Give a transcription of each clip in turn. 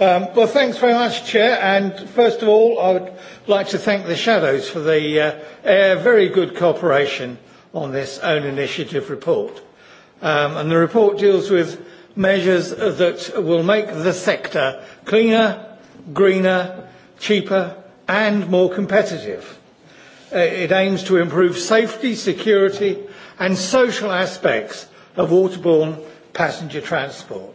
Um, well, thanks very much, Chair. And first of all, I would like to thank the Shadows for the uh, uh, very good cooperation on this own initiative report. Um, and the report deals with measures that will make the sector cleaner, greener, cheaper, and more competitive. It aims to improve safety, security, and social aspects of waterborne passenger transport.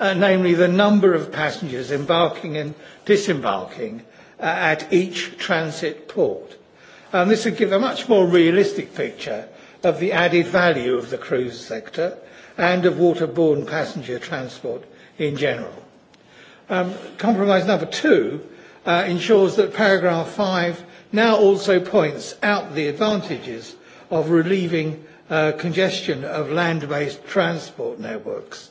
uh, namely the number of passengers embarking and disembarking uh, at each transit port. And this would give a much more realistic picture of the added value of the cruise sector and of waterborne passenger transport in general. Um, compromise number two uh, ensures that paragraph five now also points out the advantages of relieving uh, congestion of land-based transport networks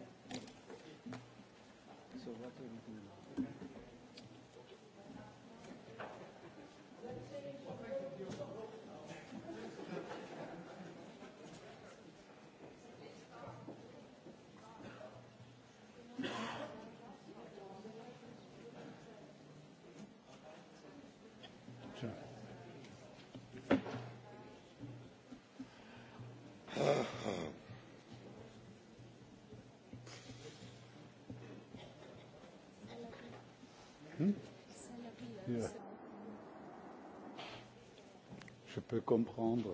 peut comprendre.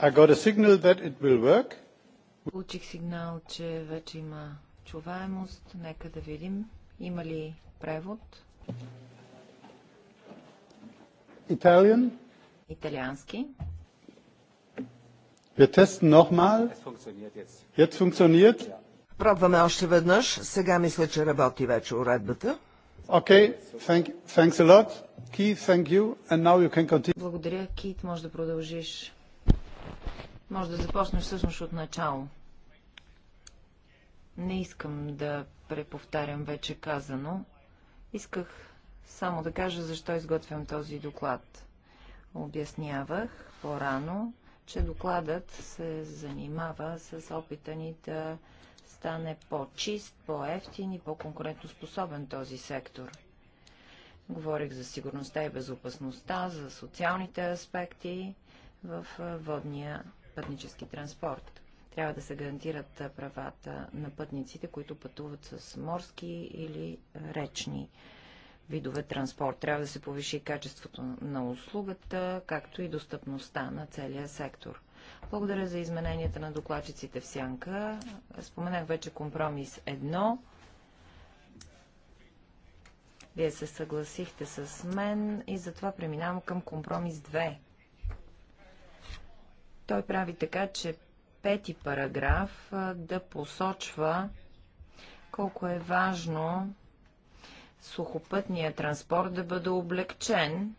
I got a signal that it will work. Получих сигнал, че вече има чуваемост. Нека да видим. Има ли превод? Italian? Италиански. Wir testen nochmal. Jetzt funktioniert. Пробваме още веднъж. Сега мисля, че работи вече уредбата. Okay, thank, thanks a lot. Keith, Благодаря, Кит. Може да продължиш. Може да започнеш всъщност от начало. Не искам да преповтарям вече казано. Исках само да кажа защо изготвям този доклад. Обяснявах по-рано, че докладът се занимава с опита ни да стане по-чист, по-ефтин и по-конкурентоспособен този сектор – Говорих за сигурността и безопасността, за социалните аспекти в водния пътнически транспорт. Трябва да се гарантират правата на пътниците, които пътуват с морски или речни видове транспорт. Трябва да се повиши качеството на услугата, както и достъпността на целия сектор. Благодаря за измененията на докладчиците в Сянка. Споменах вече компромис 1. Вие се съгласихте с мен и затова преминавам към компромис 2. Той прави така, че пети параграф да посочва колко е важно сухопътния транспорт да бъде облегчен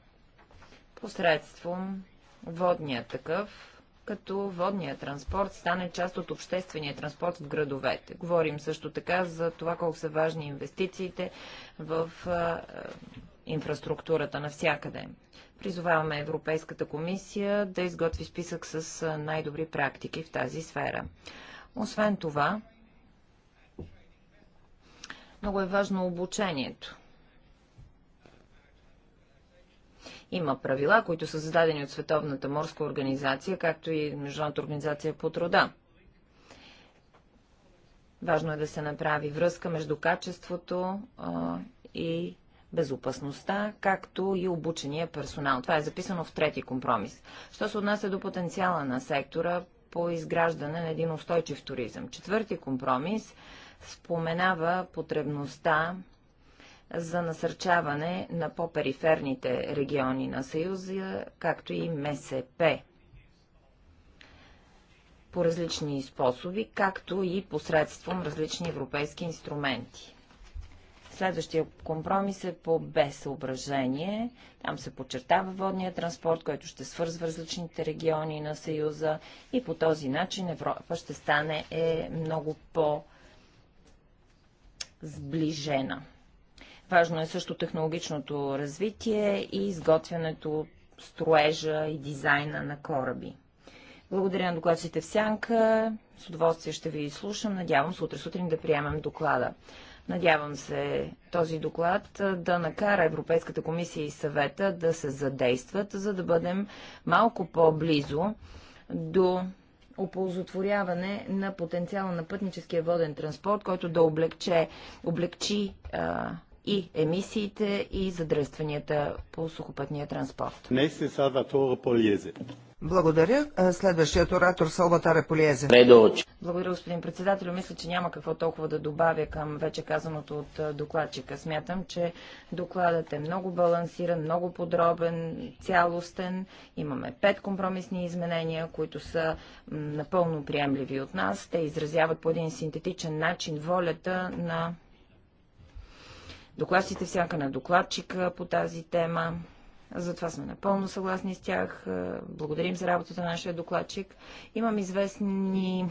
посредством водния такъв, като водният транспорт стане част от обществения транспорт в градовете. Говорим също така за това колко са важни инвестициите в инфраструктурата навсякъде. Призоваваме Европейската комисия да изготви списък с най-добри практики в тази сфера. Освен това, много е важно обучението. Има правила, които са зададени от Световната морска организация, както и Международната организация по труда. Важно е да се направи връзка между качеството а, и безопасността, както и обучения персонал. Това е записано в трети компромис. Що се отнася до потенциала на сектора по изграждане на един устойчив туризъм? Четвърти компромис споменава потребността за насърчаване на по-периферните региони на Съюза, както и МСП по различни способи, както и посредством различни европейски инструменти. Следващия компромис е по безсъображение. Там се подчертава водния транспорт, който ще свързва различните региони на Съюза и по този начин Европа ще стане е много по-сближена. Важно е също технологичното развитие и изготвянето, строежа и дизайна на кораби. Благодаря на докладците в Сянка. С удоволствие ще ви слушам. Надявам се утре сутрин да приемем доклада. Надявам се този доклад да накара Европейската комисия и съвета да се задействат, за да бъдем малко по-близо до оползотворяване на потенциала на пътническия воден транспорт, който да облегче, облегчи а, и емисиите и задръстванията по сухопътния транспорт. Е Благодаря. Следващият оратор Салватаре Полиезе. Благодаря, господин председател. Мисля, че няма какво толкова да добавя към вече казаното от докладчика. Смятам, че докладът е много балансиран, много подробен, цялостен. Имаме пет компромисни изменения, които са напълно приемливи от нас. Те изразяват по един синтетичен начин волята на докладчите всяка на докладчика по тази тема. Затова сме напълно съгласни с тях. Благодарим за работата на нашия докладчик. Имам известни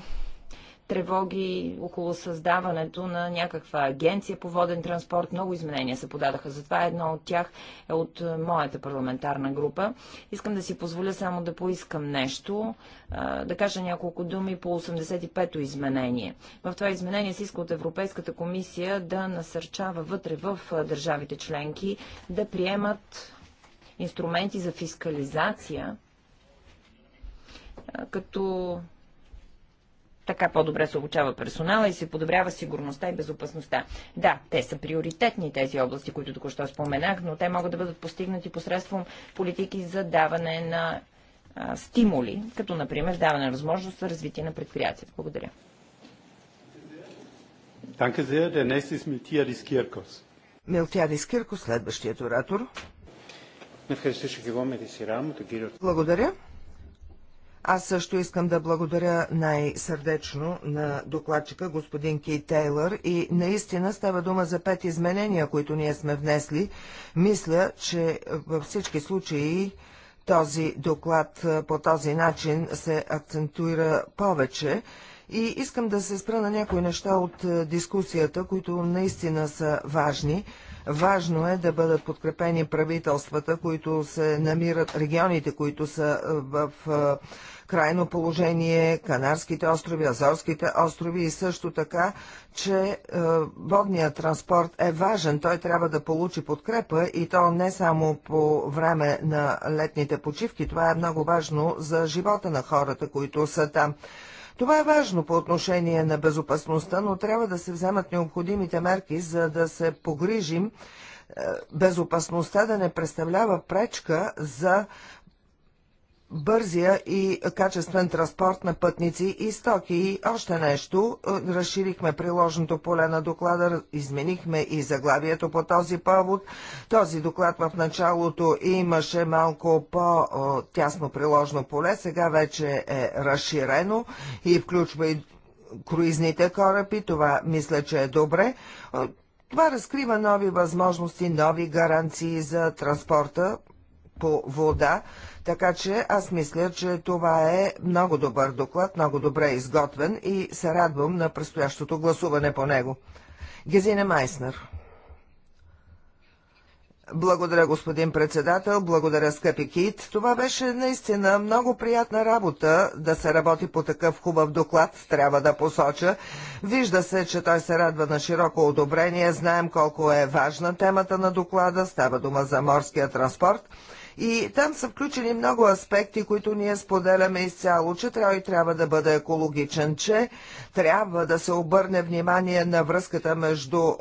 тревоги около създаването на някаква агенция по воден транспорт. Много изменения се подадаха. Затова едно от тях е от е, моята парламентарна група. Искам да си позволя само да поискам нещо, да кажа няколко думи по 85-то изменение. В това изменение се иска от Европейската комисия да насърчава вътре в е, държавите членки да приемат инструменти за фискализация като така по-добре се обучава персонала и се подобрява сигурността и безопасността. Да, те са приоритетни тези области, които току-що споменах, но те могат да бъдат постигнати посредством политики за даване на а, стимули, като например даване на възможност за развитие на предприятията. Благодаря. Danke sehr. Der nächste ist Miltiadis Kirkos. Киркос, следващият оратор. Благодаря. Аз също искам да благодаря най-сърдечно на докладчика господин Кей Тейлър и наистина става дума за пет изменения, които ние сме внесли. Мисля, че във всички случаи този доклад по този начин се акцентуира повече. И искам да се спра на някои неща от дискусията, които наистина са важни. Важно е да бъдат подкрепени правителствата, които се намират, регионите, които са в крайно положение, Канарските острови, Азорските острови и също така, че е, водният транспорт е важен. Той трябва да получи подкрепа и то не само по време на летните почивки. Това е много важно за живота на хората, които са там. Това е важно по отношение на безопасността, но трябва да се вземат необходимите мерки, за да се погрижим е, безопасността да не представлява пречка за бързия и качествен транспорт на пътници и стоки. И още нещо, е, разширихме приложното поле на доклада, изменихме и заглавието по този повод. Този доклад в началото имаше малко по-тясно приложно поле, сега вече е разширено и включва и круизните кораби. Това мисля, че е добре. Е, това разкрива нови възможности, нови гаранции за транспорта по вода. Така че аз мисля, че това е много добър доклад, много добре изготвен и се радвам на предстоящото гласуване по него. Гезина Майснер. Благодаря, господин председател, благодаря, скъпи Кит. Това беше наистина много приятна работа да се работи по такъв хубав доклад, трябва да посоча. Вижда се, че той се радва на широко одобрение, знаем колко е важна темата на доклада, става дума за морския транспорт. И там са включени много аспекти, които ние споделяме изцяло, че трябва и трябва да бъде екологичен, че трябва да се обърне внимание на връзката между е,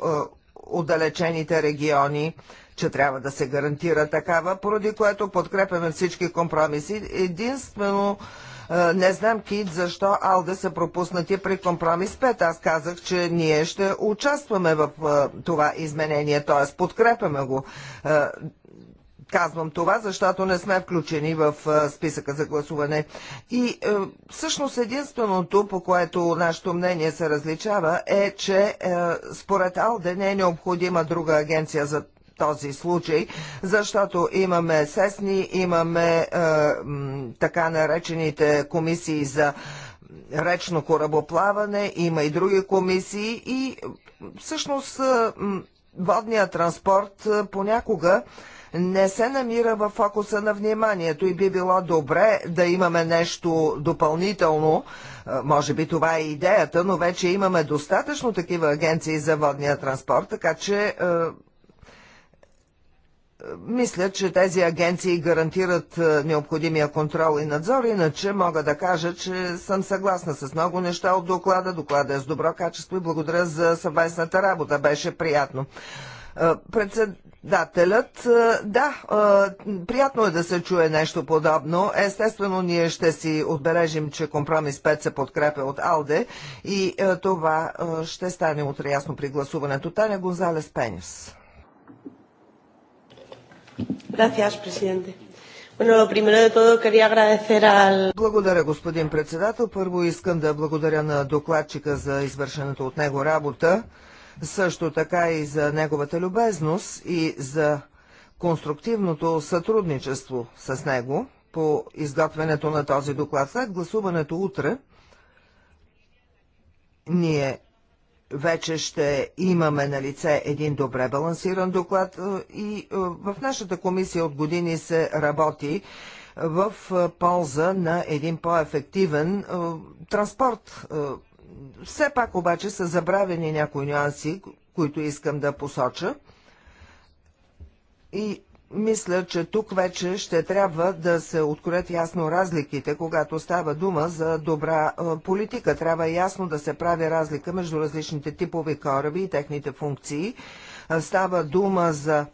отдалечените региони, че трябва да се гарантира такава, поради което подкрепяме всички компромиси. Единствено, е, не знам, Кит, защо Алде са пропуснати при компромис 5. Аз казах, че ние ще участваме в е, това изменение, т.е. подкрепяме го. Казвам това, защото не сме включени в списъка за гласуване. И е, всъщност единственото, по което нашето мнение се различава, е, че е, според Алде не е необходима друга агенция за този случай, защото имаме сесни, имаме е, така наречените комисии за речно корабоплаване, има и други комисии и всъщност е, водният транспорт понякога не се намира в фокуса на вниманието и би било добре да имаме нещо допълнително. Е, може би това е идеята, но вече имаме достатъчно такива агенции за водния транспорт, така че е, е, мисля, че тези агенции гарантират необходимия контрол и надзор, иначе мога да кажа, че съм съгласна с много неща от доклада. Доклада е с добро качество и благодаря за съвместната работа. Беше приятно. Е, председателят, е, да, е, приятно е да се чуе нещо подобно. Естествено, ние ще си отбележим, че компромис 5 се подкрепя от АЛДЕ и това ще стане утре ясно при гласуването. Таня Гонзалес Пенис. Благодаря, господин председател. Първо искам да благодаря на докладчика за извършената от него работа също така и за неговата любезност и за конструктивното сътрудничество с него по изготвянето на този доклад. След гласуването утре ние вече ще имаме на лице един добре балансиран доклад е, и е, в нашата комисия от години се работи е, в полза на един по-ефективен транспорт все пак обаче са забравени някои нюанси, които искам да посоча. И мисля, че тук вече ще трябва да се откроят ясно разликите, когато става дума за добра политика. Трябва ясно да се прави разлика между различните типови кораби и техните функции. Става дума за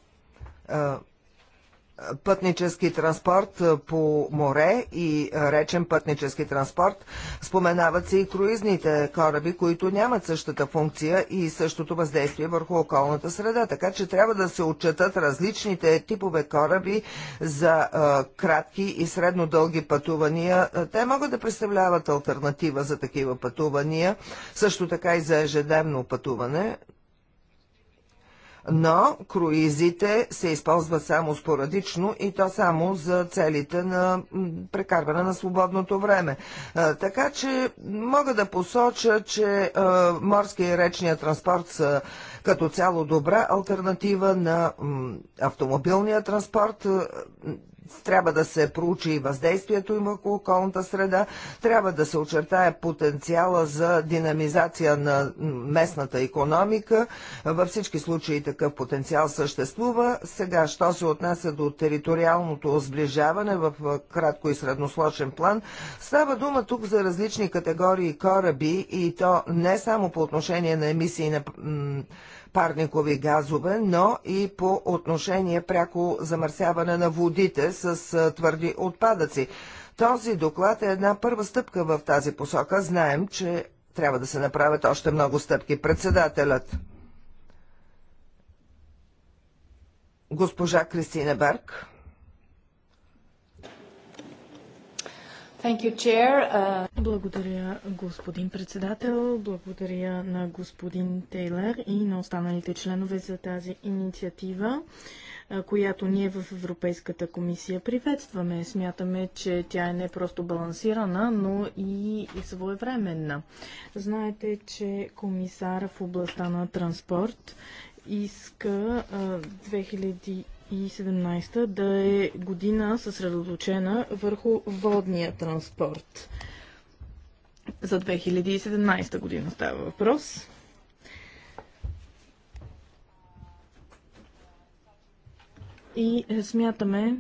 пътнически транспорт по море и речен пътнически транспорт. Споменават се и круизните кораби, които нямат същата функция и същото въздействие върху околната среда. Така че трябва да се отчетат различните типове кораби за а, кратки и средно дълги пътувания. Те могат да представляват альтернатива за такива пътувания, също така и за ежедневно пътуване, но круизите се използват само спорадично и то само за целите на прекарване на свободното време. Така че мога да посоча, че морския и речния транспорт са като цяло добра альтернатива на автомобилния транспорт трябва да се проучи и въздействието им върху околната среда, трябва да се очертае потенциала за динамизация на местната економика. Във всички случаи такъв потенциал съществува. Сега, що се отнася до териториалното сближаване в кратко и средносрочен план, става дума тук за различни категории кораби и то не само по отношение на емисии на парникови газове, но и по отношение пряко замърсяване на водите с твърди отпадъци. Този доклад е една първа стъпка в тази посока. Знаем, че трябва да се направят още много стъпки. Председателят. Госпожа Кристина Берг. You, uh... Благодаря, господин председател. Благодаря на господин Тейлер и на останалите членове за тази инициатива която ние в Европейската комисия приветстваме. Смятаме, че тя е не просто балансирана, но и своевременна. Знаете, че комисар в областта на транспорт иска 2017 да е година съсредоточена върху водния транспорт. За 2017 година става въпрос. И е, смятаме,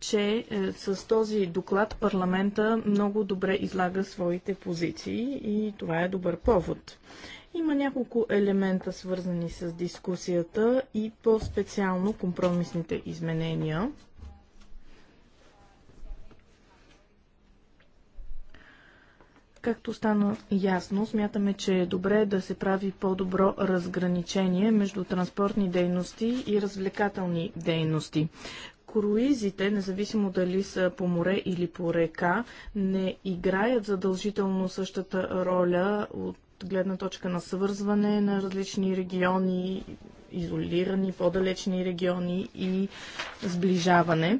че е, с този доклад парламента много добре излага своите позиции и това е добър повод. Има няколко елемента, свързани с дискусията и по-специално компромисните изменения. Както стана ясно, смятаме, че е добре да се прави по-добро разграничение между транспортни дейности и развлекателни дейности. Круизите, независимо дали са по море или по река, не играят задължително същата роля от гледна точка на свързване на различни региони, изолирани, по-далечни региони и сближаване.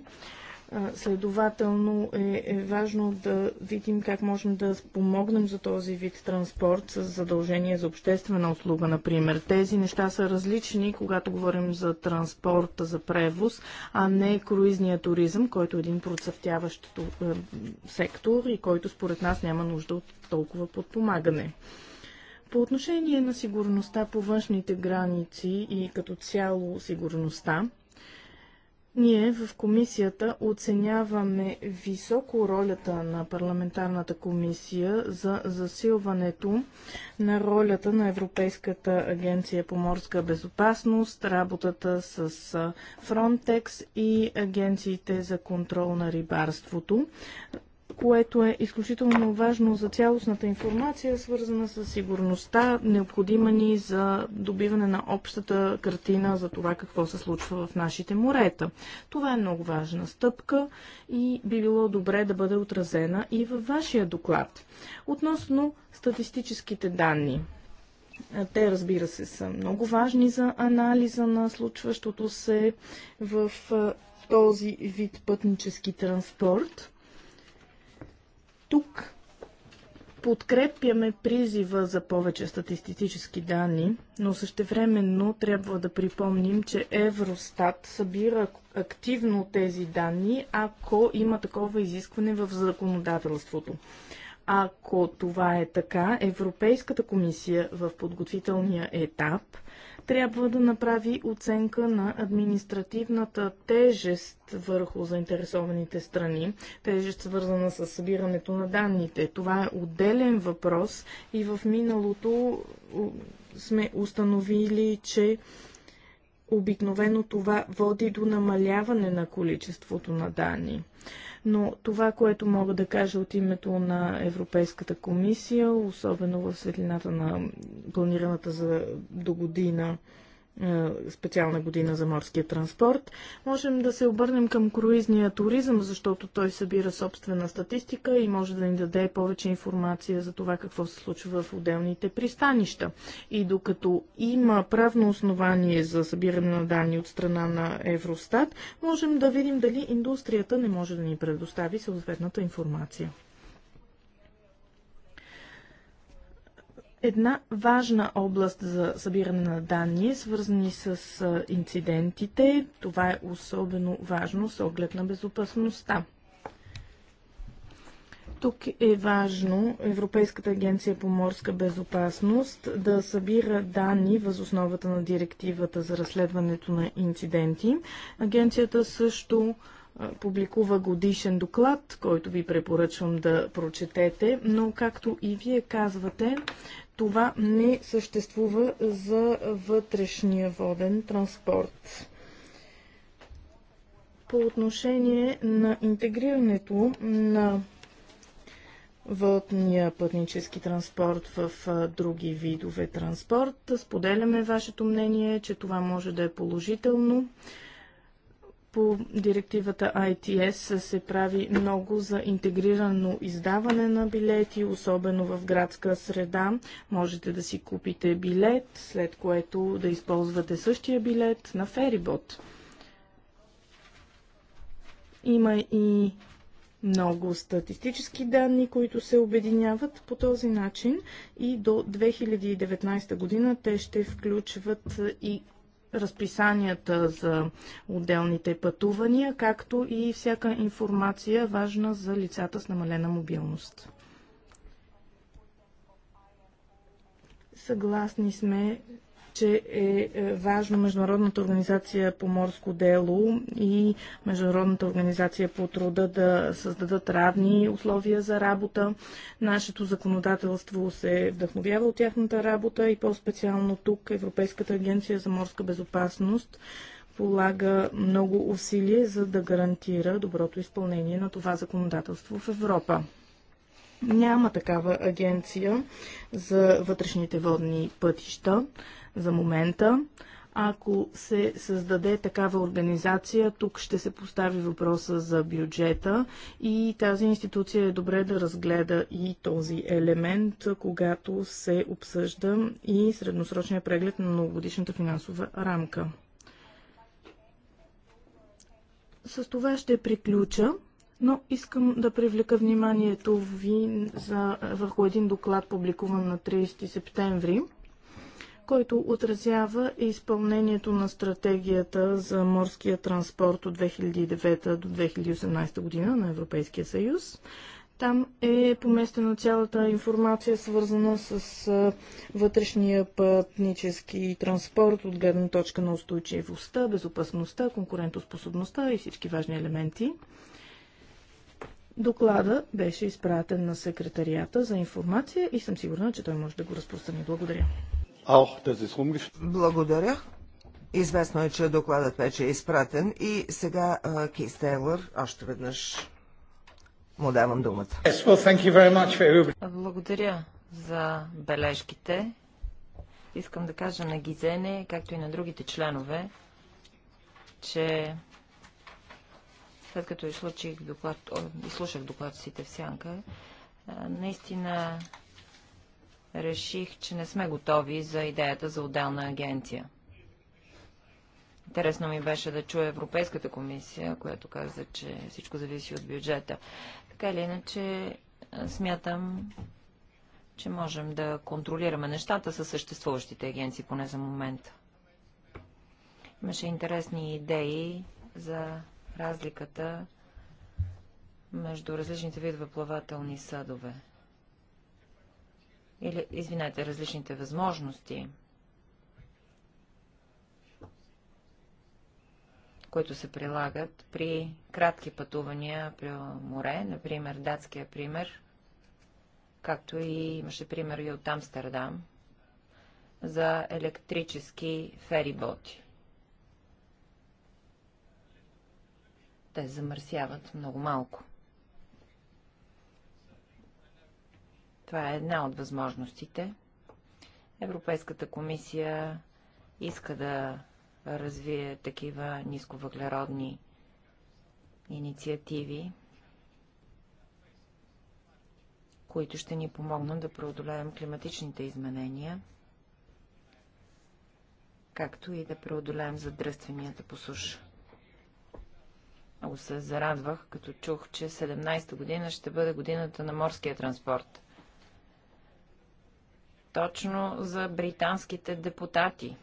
Следователно е, е важно да видим как можем да помогнем за този вид транспорт с задължение за обществена услуга, например. Тези неща са различни, когато говорим за транспорта за превоз, а не круизния туризъм, който е един процъфтяващ е, сектор и който според нас няма нужда от толкова подпомагане. По отношение на сигурността по външните граници и като цяло сигурността, ние в комисията оценяваме високо ролята на парламентарната комисия за засилването на ролята на Европейската агенция по морска безопасност, работата с Frontex и агенциите за контрол на рибарството, което е изключително важно за цялостната информация, свързана с сигурността, необходима ни за добиване на общата картина за това какво се случва в нашите морета. Това е много важна стъпка и би било добре да бъде отразена и във вашия доклад. Относно статистическите данни. Те, разбира се, са много важни за анализа на случващото се в този вид пътнически транспорт. Тук подкрепяме призива за повече статистически данни, но същевременно трябва да припомним, че Евростат събира активно тези данни, ако има такова изискване в законодателството. Ако това е така, Европейската комисия в подготвителния етап – трябва да направи оценка на административната тежест върху заинтересованите страни, тежест свързана с събирането на данните. Това е отделен въпрос и в миналото сме установили, че обикновено това води до намаляване на количеството на данни. Но това, което мога да кажа от името на Европейската комисия, особено в светлината на планираната за до година е, специална година за морския транспорт. Можем да се обърнем към круизния туризъм, защото той събира собствена статистика и може да ни даде повече информация за това какво се случва в отделните пристанища. И докато има правно основание за събиране на данни от страна на Евростат, можем да видим дали индустрията не може да ни предостави съответната информация. Една важна област за събиране на данни, свързани с инцидентите, това е особено важно с оглед на безопасността. Тук е важно Европейската агенция по морска безопасност да събира данни въз основата на директивата за разследването на инциденти. Агенцията също публикува годишен доклад, който ви препоръчвам да прочетете, но както и вие казвате, това не съществува за вътрешния воден транспорт. По отношение на интегрирането на вътния пътнически транспорт в други видове транспорт. Споделяме вашето мнение, че това може да е положително. По директивата ITS се прави много за интегрирано издаване на билети, особено в градска среда. Можете да си купите билет, след което да използвате същия билет на ферибот. Има и много статистически данни, които се обединяват по този начин и до 2019 година те ще включват и разписанията за отделните пътувания, както и всяка информация важна за лицата с намалена мобилност. Съгласни сме че е, е важно Международната организация по морско дело и Международната организация по труда да създадат равни условия за работа. Нашето законодателство се вдъхновява от тяхната работа и по-специално тук Европейската агенция за морска безопасност полага много усилие, за да гарантира доброто изпълнение на това законодателство в Европа. Няма такава агенция за вътрешните водни пътища за момента. Ако се създаде такава организация, тук ще се постави въпроса за бюджета и тази институция е добре да разгледа и този елемент, когато се обсъжда и средносрочния преглед на многогодишната финансова рамка. С това ще приключа но искам да привлека вниманието ви за, върху един доклад, публикуван на 30 септември, който отразява изпълнението на стратегията за морския транспорт от 2009 до 2018 година на Европейския съюз. Там е поместена цялата информация, свързана с вътрешния пътнически транспорт от гледна точка на устойчивостта, безопасността, конкурентоспособността и всички важни елементи. Доклада беше изпратен на секретарията за информация и съм сигурна, че той може да го разпространи. Благодаря. Благодаря. Известно е, че докладът вече е изпратен и сега Кейс Тейлър още веднъж му давам думата. Благодаря за бележките. Искам да кажа на Гизене, както и на другите членове, че след като изслушах, доклад, изслушах в сянка, наистина реших, че не сме готови за идеята за отделна агенция. Интересно ми беше да чуя Европейската комисия, която каза, че всичко зависи от бюджета. Така или иначе, смятам, че можем да контролираме нещата със съществуващите агенции, поне за момента. Имаше интересни идеи за разликата между различните видове плавателни съдове. Или, извинете, различните възможности, които се прилагат при кратки пътувания при море, например датския пример, както и имаше пример и от Амстердам, за електрически фериботи. Те замърсяват много малко. Това е една от възможностите. Европейската комисия иска да развие такива нисковъглеродни инициативи, които ще ни помогнат да преодолеем климатичните изменения, както и да преодолеем задръстванията по суша. Много се зарадвах, като чух, че 17-та година ще бъде годината на морския транспорт. Точно за британските депутати.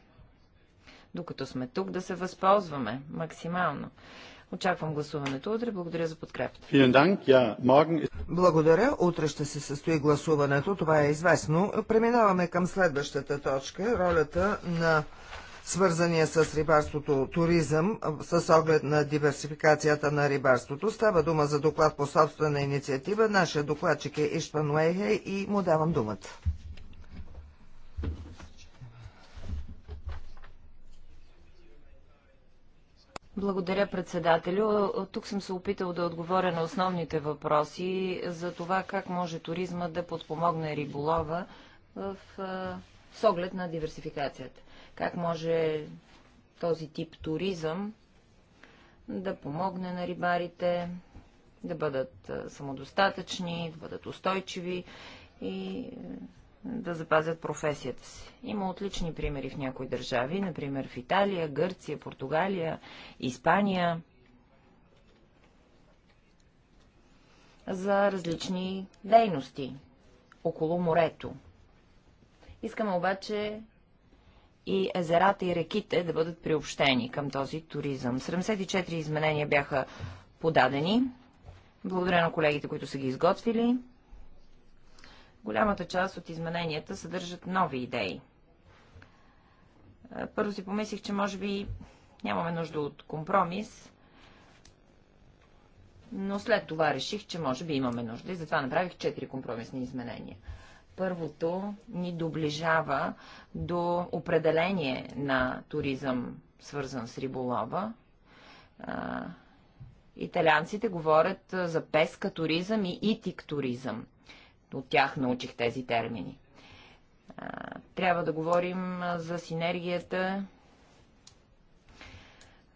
Докато сме тук, да се възползваме максимално. Очаквам гласуването утре. Благодаря за подкрепата. Благодаря. Утре ще се състои гласуването. Това е известно. Преминаваме към следващата точка. Ролята на свързания с рибарството туризъм с оглед на диверсификацията на рибарството. Става дума за доклад по собствена инициатива. Нашия докладчик е Иштван Уейхе и му давам думата. Благодаря, председателю. Тук съм се опитал да отговоря на основните въпроси за това как може туризма да подпомогне риболова в, с оглед на диверсификацията. Как може този тип туризъм да помогне на рибарите да бъдат самодостатъчни, да бъдат устойчиви и да запазят професията си. Има отлични примери в някои държави, например в Италия, Гърция, Португалия, Испания, за различни дейности около морето. Искаме обаче и езерата и реките да бъдат приобщени към този туризъм. 74 изменения бяха подадени. Благодаря на колегите, които са ги изготвили. Голямата част от измененията съдържат нови идеи. Е, първо си помислих, че може би нямаме нужда от компромис, но след това реших, че може би имаме нужда и затова направих 4 компромисни изменения. Първото ни доближава до определение на туризъм, свързан с риболова. Италианците говорят за песка туризъм и итик туризъм. От тях научих тези термини. Трябва да говорим за синергията,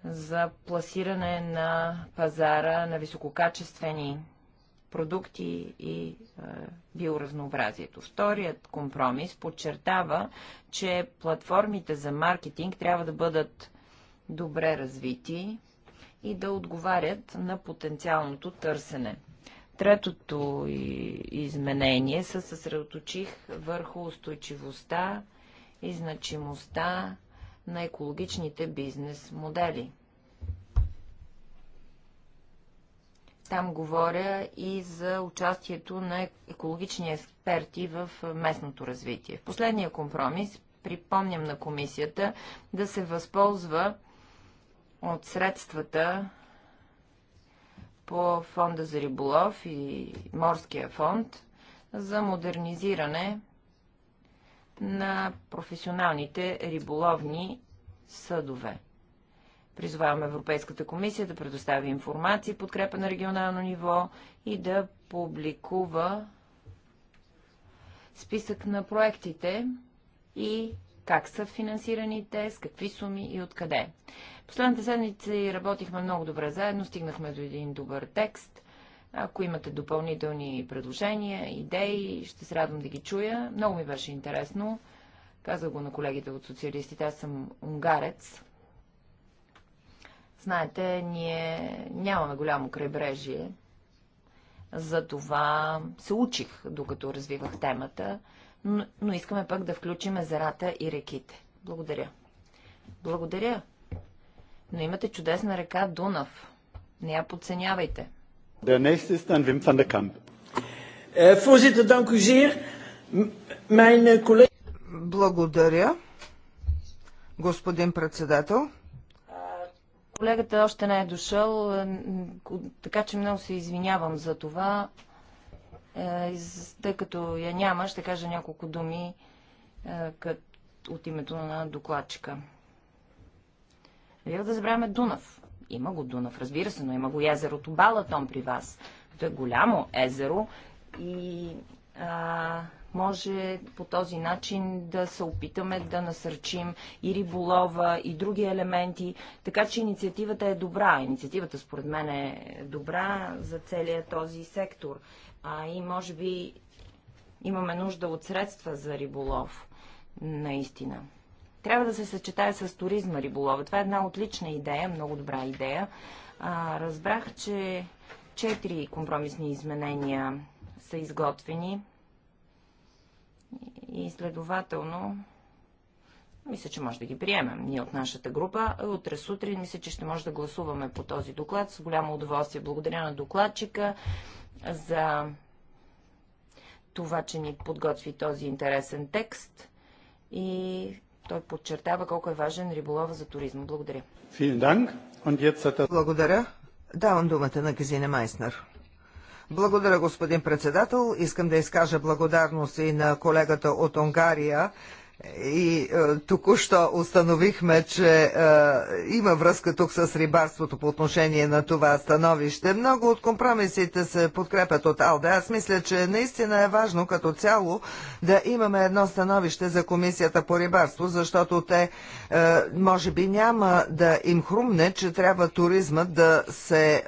за пласиране на пазара на висококачествени продукти и е, биоразнообразието. Вторият компромис подчертава, че платформите за маркетинг трябва да бъдат добре развити и да отговарят на потенциалното търсене. Третото изменение се съсредоточих върху устойчивостта и значимостта на екологичните бизнес модели. Там говоря и за участието на екологични експерти в местното развитие. В последния компромис припомням на комисията да се възползва от средствата по фонда за риболов и морския фонд за модернизиране на професионалните риболовни съдове. Призоваваме Европейската комисия да предостави информации, подкрепа на регионално ниво и да публикува списък на проектите и как са финансирани те, с какви суми и откъде. Последната седмица работихме много добре заедно, стигнахме до един добър текст. Ако имате допълнителни предложения, идеи, ще се радвам да ги чуя. Много ми беше интересно. Казах го на колегите от социалистите. Аз съм унгарец. Знаете, ние нямаме голямо крайбрежие. Затова се учих, докато развивах темата, но, но искаме пък да включим езерата и реките. Благодаря. Благодаря. Но имате чудесна река Дунав. Не я подценявайте. Der nächste ist dann Wim van der Kamp. Е, Voorzitter, dank u zeer. Mijn eh, collega... Благодаря, господин председател. Колегата още не е дошъл, е, така че много се извинявам за това. Е, тъй като я няма, ще кажа няколко думи е, от името на докладчика. Не да забравяме Дунав. Има го Дунав, разбира се, но има го езерото Балатон при вас. като е голямо езеро и може по този начин да се опитаме да насърчим и риболова, и други елементи. Така че инициативата е добра. Инициативата според мен е добра за целия този сектор. А, и може би имаме нужда от средства за риболов. Наистина. Трябва да се съчетае с туризма риболова. Това е една отлична идея, много добра идея. А, разбрах, че четири компромисни изменения са изготвени и следователно мисля, че може да ги приемем. Ние от нашата група утре сутрин мисля, че ще може да гласуваме по този доклад с голямо удоволствие. Благодаря на докладчика за това, че ни подготви този интересен текст и той подчертава колко е важен риболова за туризма. Благодаря. Er- благодаря. Давам думата на Казина Майснер. Благодаря, господин председател. Искам да изкажа благодарност и на колегата от Унгария. И е, току-що установихме, че е, има връзка тук с рибарството по отношение на това становище. Много от компромисите се подкрепят от АЛДЕ. Аз мисля, че наистина е важно като цяло да имаме едно становище за Комисията по рибарство, защото те е, може би няма да им хрумне, че трябва туризмът да се. Е,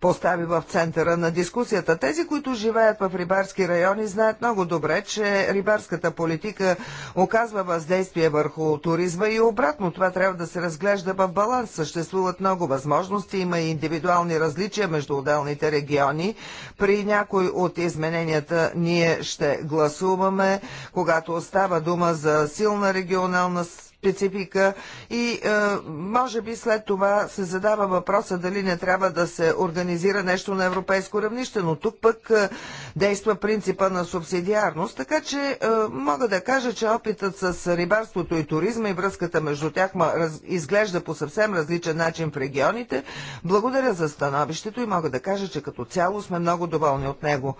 постави в центъра на дискусията. Тези, които живеят в рибарски райони, знаят много добре, че рибарската политика оказва въздействие върху туризма и обратно. Това трябва да се разглежда в баланс. Съществуват много възможности, има и индивидуални различия между отделните региони. При някои от измененията ние ще гласуваме, когато остава дума за силна регионална специфика и е, може би след това се задава въпроса дали не трябва да се организира нещо на европейско равнище, но тук пък е, действа принципа на субсидиарност, така че е, мога да кажа, че опитът с рибарството и туризма и връзката между тях раз, изглежда по съвсем различен начин в регионите. Благодаря за становището и мога да кажа, че като цяло сме много доволни от него.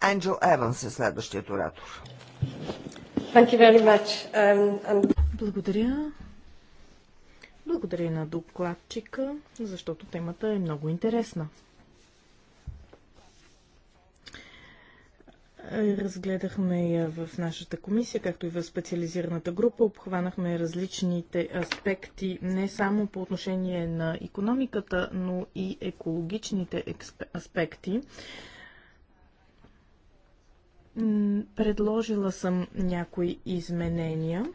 Анджел Еванс е следващият оратор. Thank you very much. Um, and... Благодаря. Благодаря на докладчика, защото темата е много интересна. Разгледахме я в нашата комисия, както и в специализираната група. Обхванахме различните аспекти не само по отношение на економиката, но и екологичните аспекти. Предложила съм някои изменения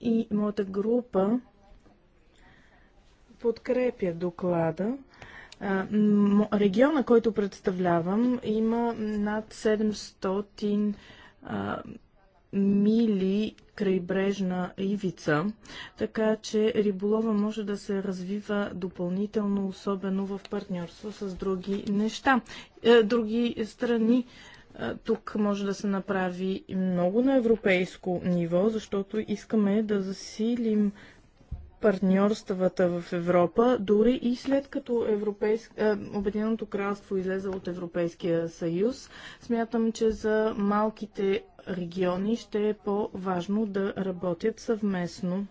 и моята група подкрепя доклада. Региона, който представлявам, има над 700 мили крайбрежна ивица, така че риболова може да се развива допълнително, особено в партньорство с други неща, е, други страни. Е, тук може да се направи много на европейско ниво, защото искаме да засилим партньорствата в Европа, дори и след като Европейск... Е, Обединеното кралство излезе от Европейския съюз. Смятам, че за малките региони ще е по-важно да работят съвместно.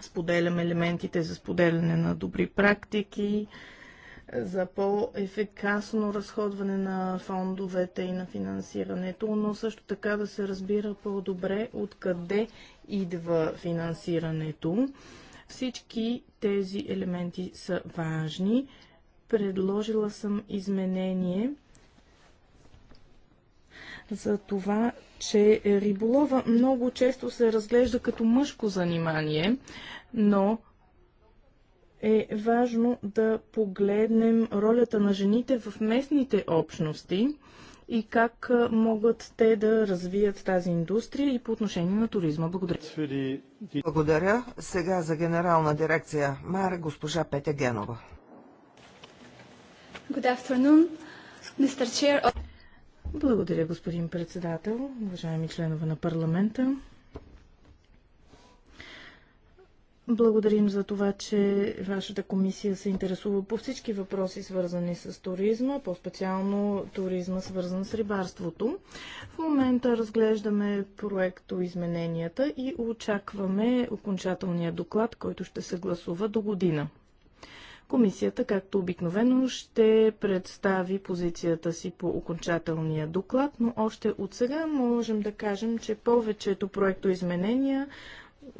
Споделям елементите за споделяне на добри практики, за по-ефикасно разходване на фондовете и на финансирането, но също така да се разбира по-добре откъде идва финансирането. Всички тези елементи са важни. Предложила съм изменение – за това, че риболова много често се разглежда като мъжко занимание, но е важно да погледнем ролята на жените в местните общности и как могат те да развият тази индустрия и по отношение на туризма. Благодаря. Благодаря. Сега за генерална дирекция МАР госпожа Петя Генова. Good afternoon, Mr. Chair. Благодаря, господин председател, уважаеми членове на парламента. Благодарим за това, че вашата комисия се интересува по всички въпроси, свързани с туризма, по-специално туризма, свързан с рибарството. В момента разглеждаме проекто измененията и очакваме окончателния доклад, който ще се гласува до година. Комисията, както обикновено, ще представи позицията си по окончателния доклад, но още от сега можем да кажем, че повечето проекто изменения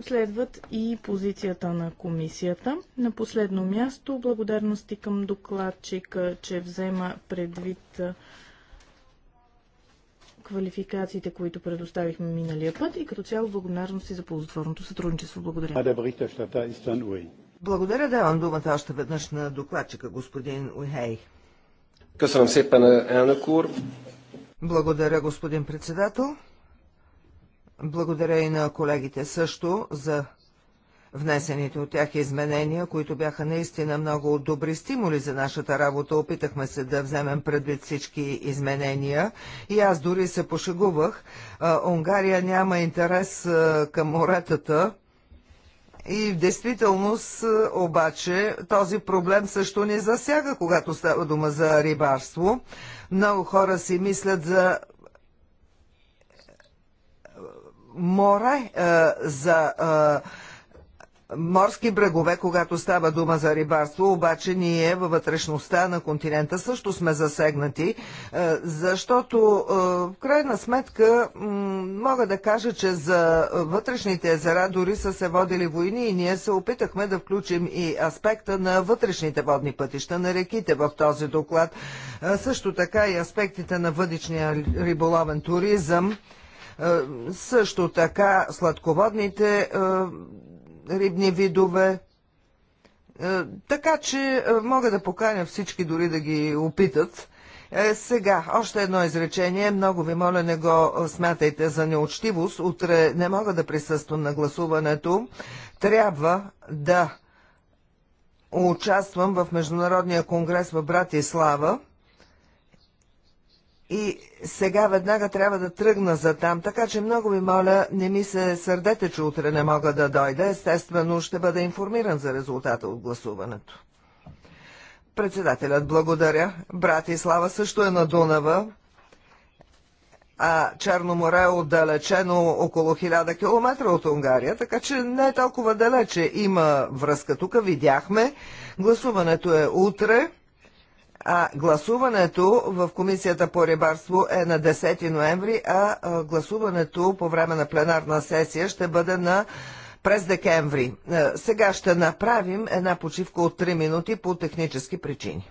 следват и позицията на комисията. На последно място, благодарности към докладчика, че взема предвид квалификациите, които предоставихме миналия път и като цяло благодарности за ползотворното сътрудничество. Благодаря. Благодаря, давам думата още веднъж на докладчика, господин Уихей. Късвам се, пана Кур. Благодаря, господин председател. Благодаря и на колегите също за Внесените от тях изменения, които бяха наистина много добри стимули за нашата работа, опитахме се да вземем предвид всички изменения и аз дори се пошегувах. Унгария няма интерес към моретата, и в действителност е, обаче този проблем също не засяга, когато става дума за рибарство. Много хора си мислят за е, море, е, за морски брегове, когато става дума за рибарство, обаче ние във вътрешността на континента също сме засегнати, е, защото е, в крайна сметка мога да кажа, че за вътрешните езера дори са се водили войни и ние се опитахме да включим и аспекта на вътрешните водни пътища, на реките в този доклад, също така и аспектите на въдичния риболовен туризъм е, също така сладководните рибни видове. Е, така че е, мога да поканя всички дори да ги опитат. Е, сега, още едно изречение. Много ви моля, не го смятайте за неучтивост. Утре не мога да присъствам на гласуването. Трябва да участвам в Международния конгрес в Братислава и сега веднага трябва да тръгна за там, така че много ви моля, не ми се сърдете, че утре не мога да дойда. Естествено, ще бъда информиран за резултата от гласуването. Председателят благодаря. Братислава също е на Дунава, а Черно море е отдалечено около 1000 км от Унгария, така че не е толкова далече. Има връзка тук, видяхме. Гласуването е утре. А гласуването в Комисията по рибарство е на 10 ноември, а гласуването по време на пленарна сесия ще бъде на през декември. Е, сега ще направим една почивка от 3 минути по технически причини.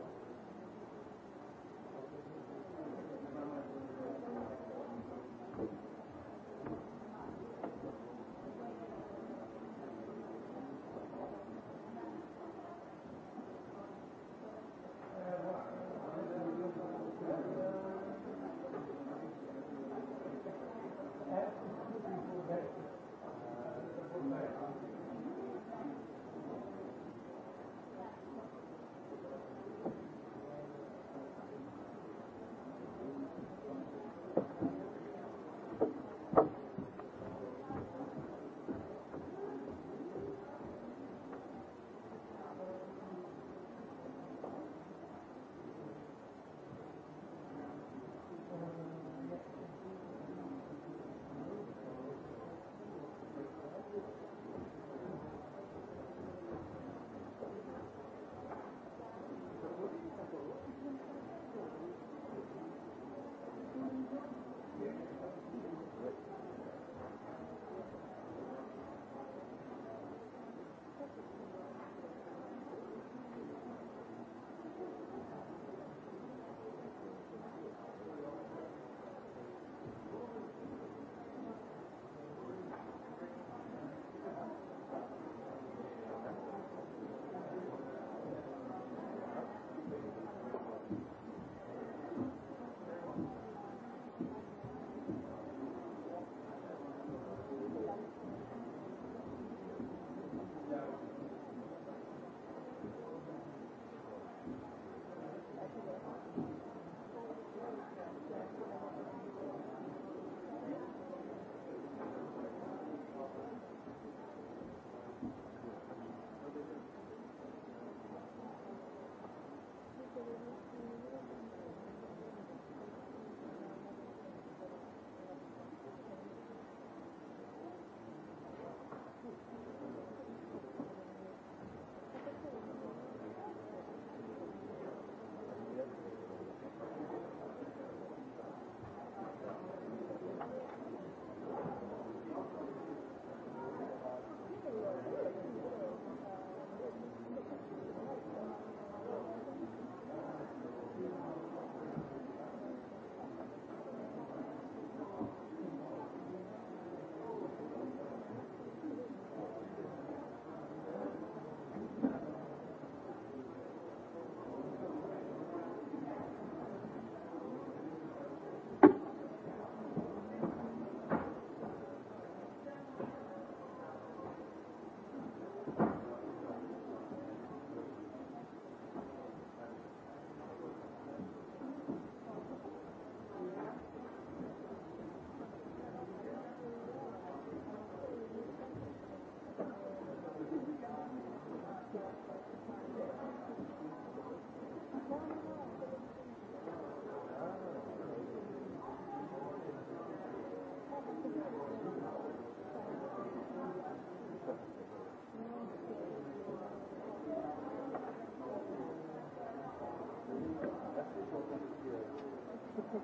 Vous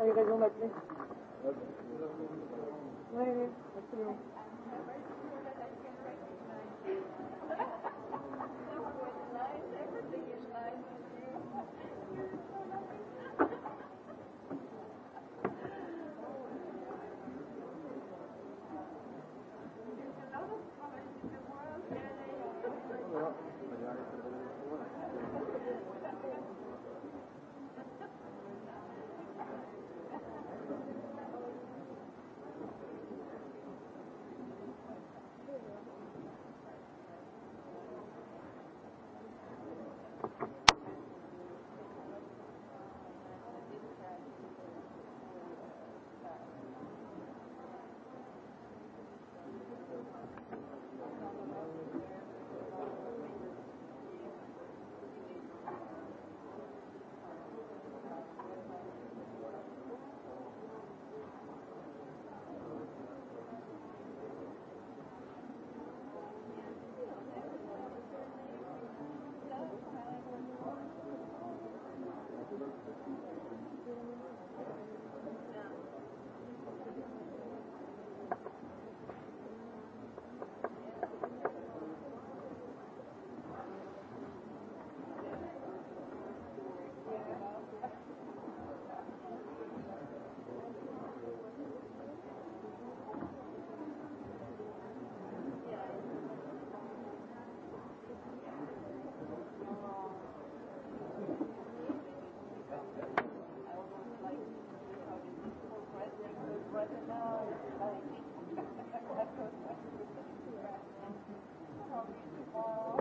avez raison d'appeler. Oui, oui, absolument. Everything is Thank you.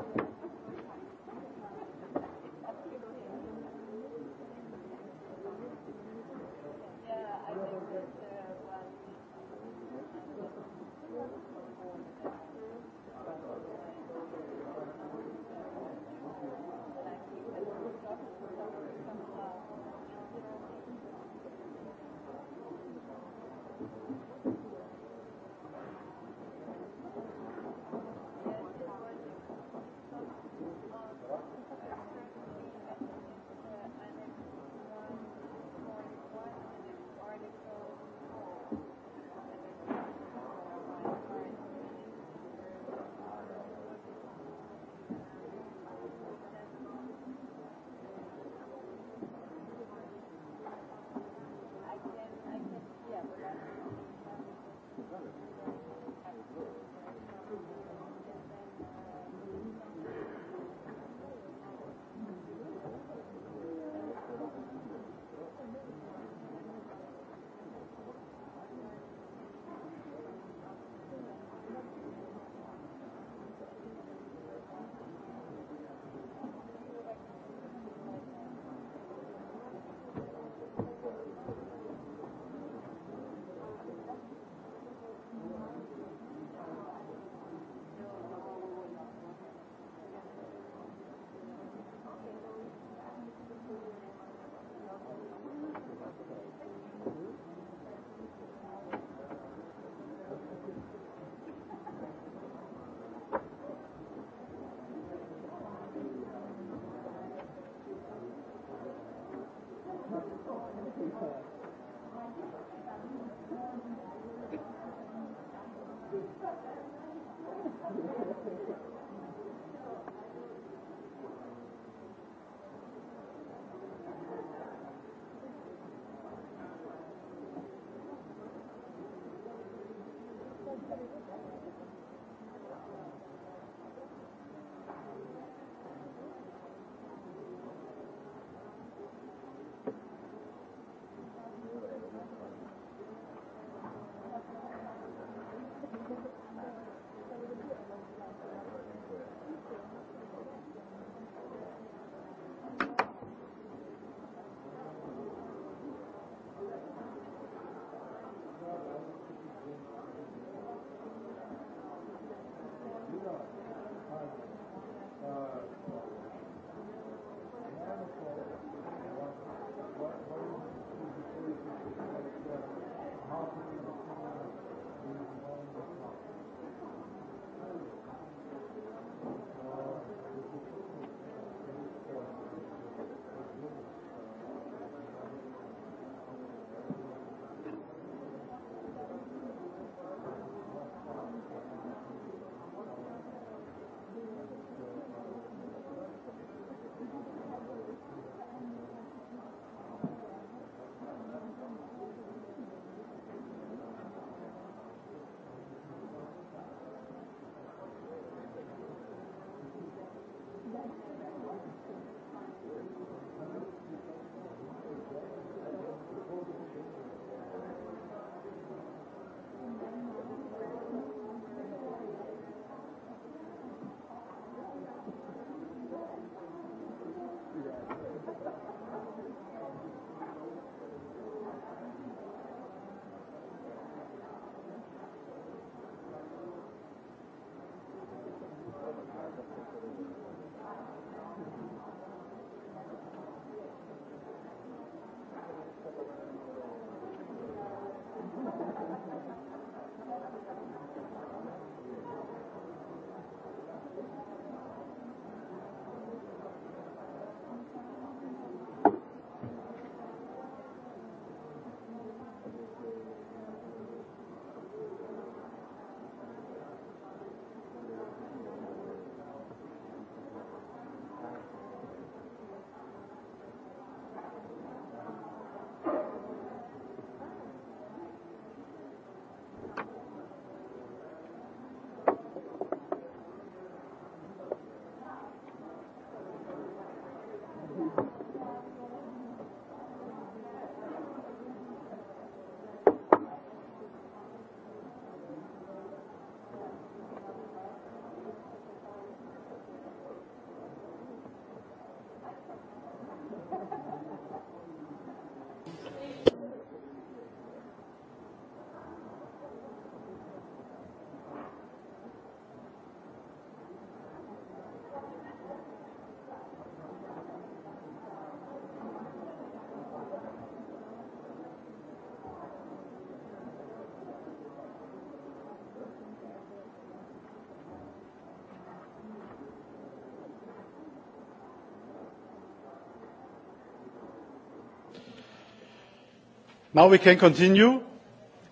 Now we can continue.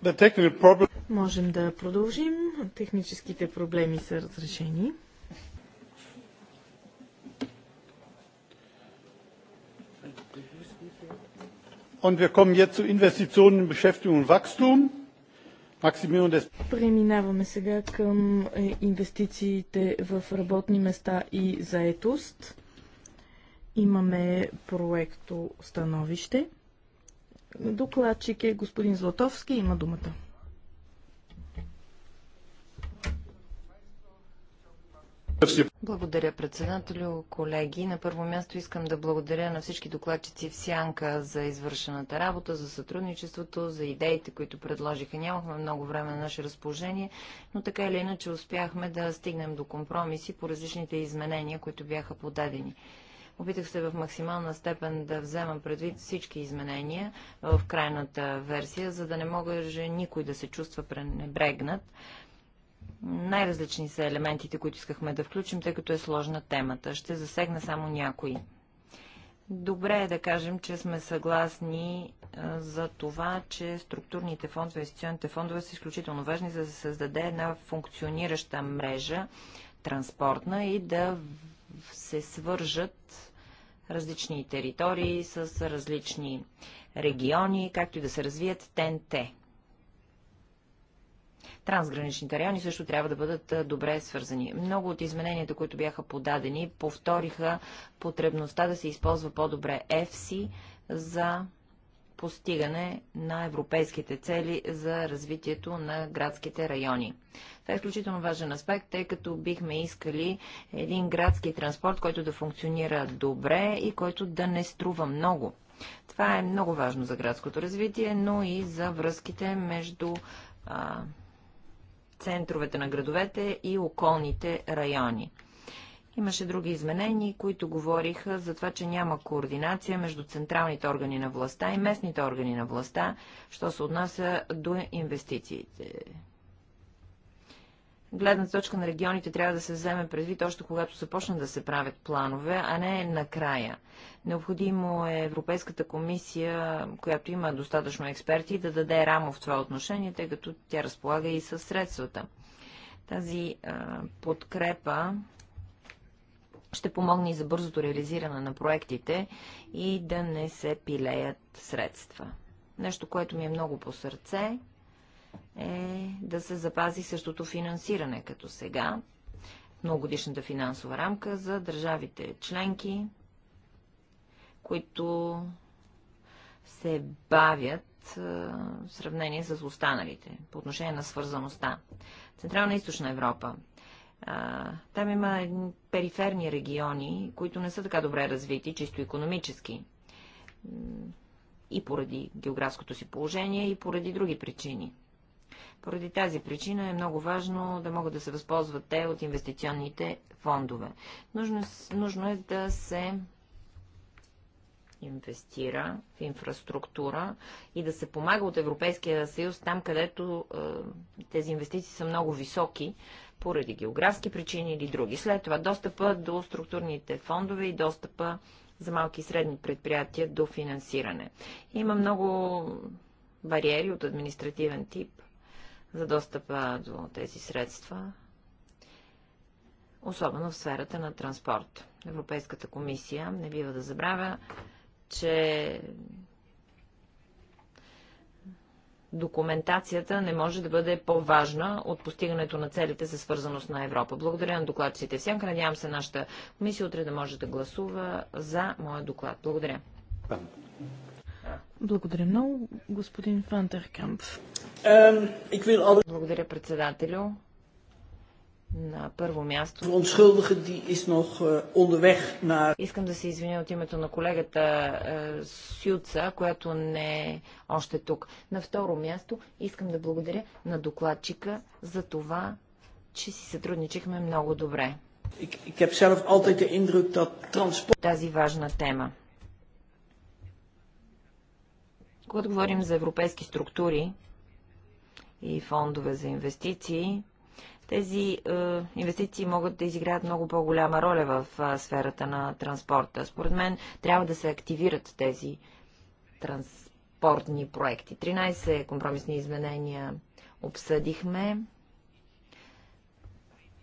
The technical problem... Можем да продължим. Техническите проблеми са разрешени. Und wir kommen jetzt zu Investitionen Beschäftigung und Wachstum. Преминаваме сега към е, инвестициите в работни места и заетост. Имаме проекто становище. Докладчик е господин Златовски. Има думата. Благодаря, председателю, колеги. На първо място искам да благодаря на всички докладчици в Сянка за извършената работа, за сътрудничеството, за идеите, които предложиха. Нямахме много време на наше разположение, но така или иначе успяхме да стигнем до компромиси по различните изменения, които бяха подадени. Опитах се в максимална степен да вземам предвид всички изменения в крайната версия, за да не може никой да се чувства пренебрегнат. Най-различни са елементите, които искахме да включим, тъй като е сложна темата. Ще засегна само някои. Добре е да кажем, че сме съгласни за това, че структурните фондове, инвестиционните фондове са изключително важни, за да се създаде една функционираща мрежа транспортна и да се свържат различни територии с различни региони, както и да се развият ТНТ. Трансграничните райони също трябва да бъдат добре свързани. Много от измененията, които бяха подадени, повториха потребността да се използва по-добре ЕФСИ за постигане на европейските цели за развитието на градските райони. Това е изключително важен аспект, тъй като бихме искали един градски транспорт, който да функционира добре и който да не струва много. Това е много важно за градското развитие, но и за връзките между а, центровете на градовете и околните райони. Имаше други изменения, които говориха за това, че няма координация между централните органи на властта и местните органи на властта, що се отнася до инвестициите. Гледна точка на регионите трябва да се вземе предвид още когато започнат да се правят планове, а не накрая. Необходимо е Европейската комисия, която има достатъчно експерти, да даде рамо в това отношение, тъй като тя разполага и със средствата. Тази а, подкрепа ще помогне и за бързото реализиране на проектите и да не се пилеят средства. Нещо, което ми е много по сърце, е да се запази същото финансиране като сега, многогодишната финансова рамка за държавите членки, които се бавят в сравнение с останалите по отношение на свързаността. Централна и източна Европа. А, там има периферни региони, които не са така добре развити, чисто економически. И поради географското си положение, и поради други причини. Поради тази причина е много важно да могат да се възползват те от инвестиционните фондове. Нужно, е нужно е да се инвестира в инфраструктура и да се помага от Европейския съюз там, където е, тези инвестиции са много високи, поради географски причини или други. След това достъпа до структурните фондове и достъпа за малки и средни предприятия до финансиране. Има много бариери от административен тип за достъпа до тези средства, особено в сферата на транспорт. Европейската комисия не бива да забравя, че документацията не може да бъде по-важна от постигането на целите за свързаност на Европа. Благодаря на докладците. Сянка, надявам се нашата комисия утре да може да гласува за моя доклад. Благодаря. Благодаря много, господин Фантеркамп. Благодаря, председателю на първо място. Eh, искам да се извиня от името на колегата е, Сюца, която не е още тук. На второ място искам да благодаря на докладчика за това, че си сътрудничихме много добре. Тази важна тема. Когато говорим за европейски структури и фондове за инвестиции, тези е, инвестиции могат да изиграят много по-голяма роля в е, сферата на транспорта. Според мен трябва да се активират тези транспортни проекти. 13 компромисни изменения обсъдихме.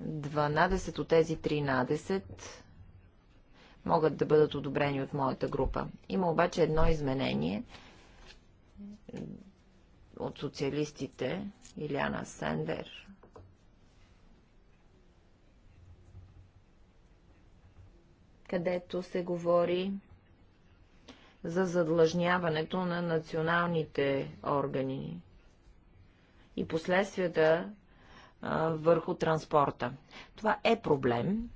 12 от тези 13 могат да бъдат одобрени от моята група. Има обаче едно изменение от социалистите Иляна Сендер където се говори за задлъжняването на националните органи и последствията а, върху транспорта. Това е проблем,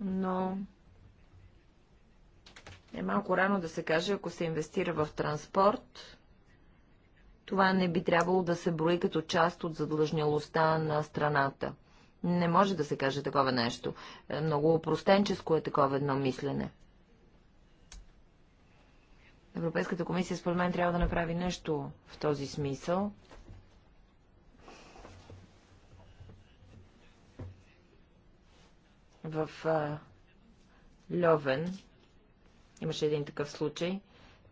но е малко рано да се каже, ако се инвестира в транспорт, това не би трябвало да се брои като част от задлъжнялостта на страната. Не може да се каже такова нещо. Е, много опростенческо е такова едно мислене. Европейската комисия според мен трябва да направи нещо в този смисъл. В а, Льовен имаше един такъв случай,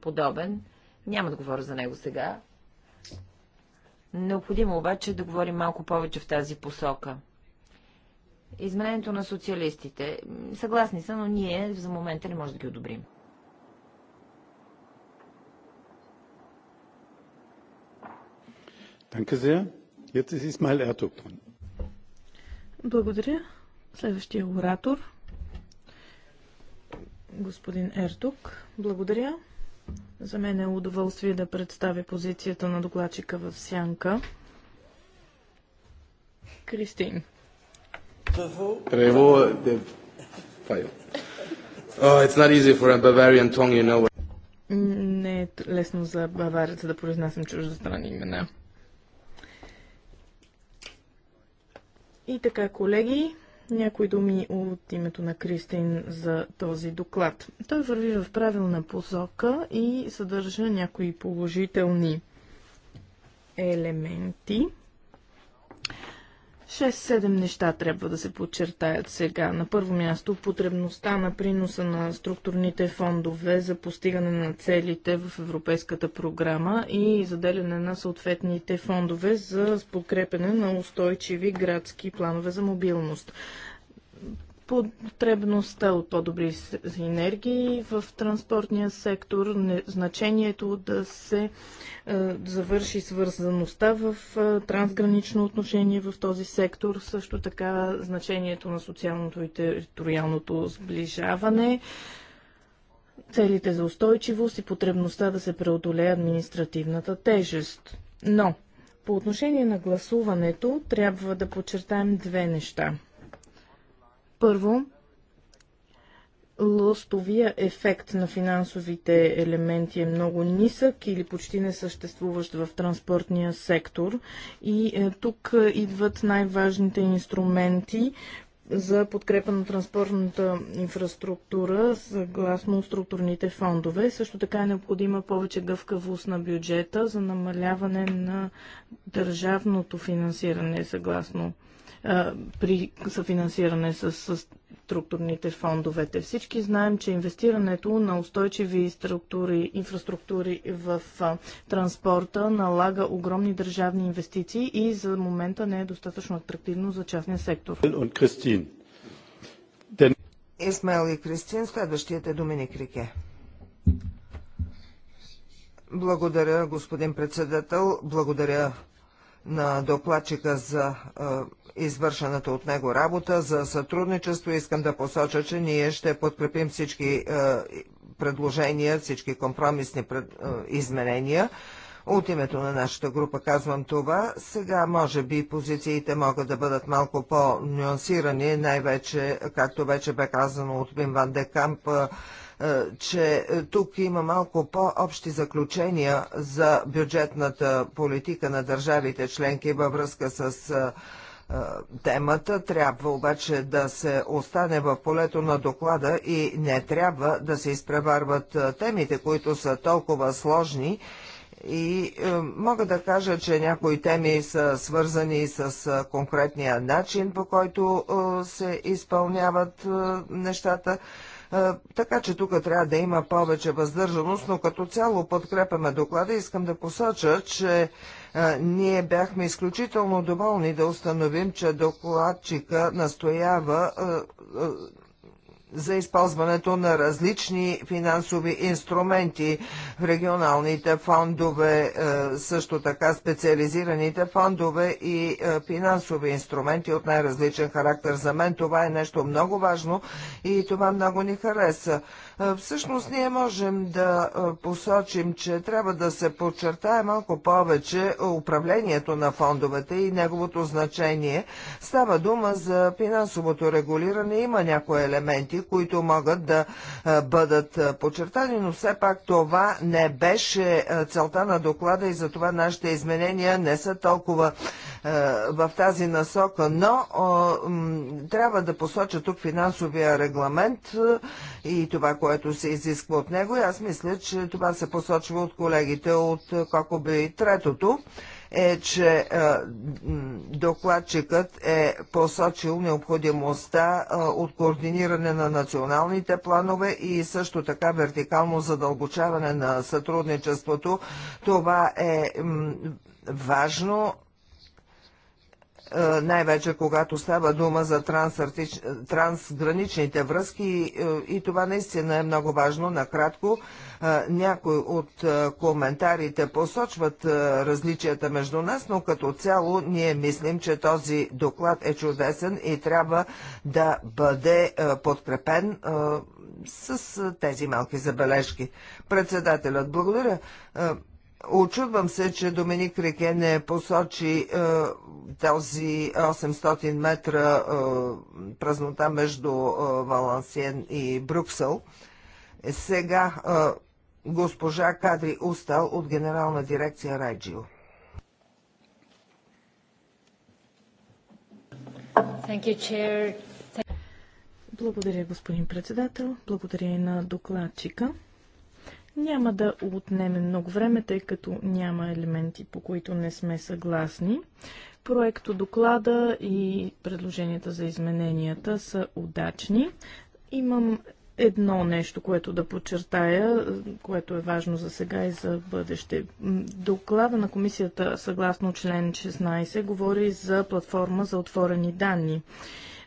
подобен. Няма да говоря за него сега. Необходимо обаче да говорим малко повече в тази посока – Изменението на социалистите. Съгласни са, но ние за момента не можем да ги одобрим. Благодаря. Следващия оратор. Господин Ертук, благодаря. За мен е удоволствие да представя позицията на докладчика в Сянка. Кристин. Bravo. Bravo. Oh, it's not easy for a Bavarian tongue, you know. Не е лесно за баварица да произнасям чуждестранни имена. И така, колеги, някои думи от името на Кристин за този доклад. Той върви в правилна посока и съдържа някои положителни елементи. 6-7 неща трябва да се подчертаят сега. На първо място потребността на приноса на структурните фондове за постигане на целите в Европейската програма и заделяне на съответните фондове за подкрепене на устойчиви градски планове за мобилност потребността от по-добри енергии в транспортния сектор, значението да се е, завърши свързаността в е, трансгранично отношение в този сектор, също така значението на социалното и териториалното сближаване, целите за устойчивост и потребността да се преодолее административната тежест. Но по отношение на гласуването трябва да подчертаем две неща – първо, лостовия ефект на финансовите елементи е много нисък или почти не съществуващ в транспортния сектор. И е, тук е, идват най-важните инструменти, за подкрепа на транспортната инфраструктура съгласно структурните фондове. Също така е необходима повече гъвкавост на бюджета за намаляване на държавното финансиране съгласно при съфинансиране с, с структурните фондовете. Всички знаем, че инвестирането на устойчиви структури, инфраструктури в транспорта налага огромни държавни инвестиции и за момента не е достатъчно атрактивно за частния сектор. Исмайл и Кристин, следващият е Доминик Рике. Благодаря, господин председател. Благодаря на докладчика за извършената от него работа за сътрудничество. Искам да посоча, че ние ще подкрепим всички е, предложения, всички компромисни е, изменения. От името на нашата група казвам това. Сега, може би, позициите могат да бъдат малко по-нюансирани, най-вече, както вече бе казано от Вим Ван Декамп, е, че тук има малко по-общи заключения за бюджетната политика на държавите членки във връзка с темата, трябва обаче да се остане в полето на доклада и не трябва да се изпреварват темите, които са толкова сложни и е, мога да кажа, че някои теми са свързани с е, конкретния начин, по който е, се изпълняват нещата. Така че тук трябва да има повече въздържаност, но като цяло подкрепяме доклада. Искам да посоча, че ние бяхме изключително доволни да установим, че докладчика настоява за използването на различни финансови инструменти в регионалните фондове, също така специализираните фондове и финансови инструменти от най-различен характер. За мен това е нещо много важно и това много ни хареса. Всъщност ние можем да посочим, че трябва да се подчертае малко повече управлението на фондовете и неговото значение. Става дума за финансовото регулиране. Има някои елементи, които могат да бъдат подчертани, но все пак това не беше целта на доклада и затова нашите изменения не са толкова е, в тази насока, но трябва да посоча тук финансовия регламент е, и това, което се изисква от него. И аз мисля, че това се посочва от колегите от е, Кокоби. Третото е, че докладчикът е посочил необходимостта от координиране на националните планове и също така вертикално задълбочаване на сътрудничеството. Това е важно е, най-вече когато става дума за трансграничните връзки е, и това наистина е много важно. Накратко, е, някои от коментарите посочват различията между нас, но като цяло ние мислим, че този доклад е чудесен и трябва да бъде подкрепен с тези малки забележки. Председателят, благодаря. Очудвам се, че Доминик Реке не посочи е, този 800 метра е, празнота между е, Валансиен и Брюксел. Сега е, госпожа Кадри Устал от Генерална дирекция Райджио. Благодаря, господин председател. Благодаря и на докладчика. Няма да отнеме много време, тъй като няма елементи, по които не сме съгласни. Проекто доклада и предложенията за измененията са удачни. Имам едно нещо, което да подчертая, което е важно за сега и за бъдеще. Доклада на комисията, съгласно член 16, говори за платформа за отворени данни.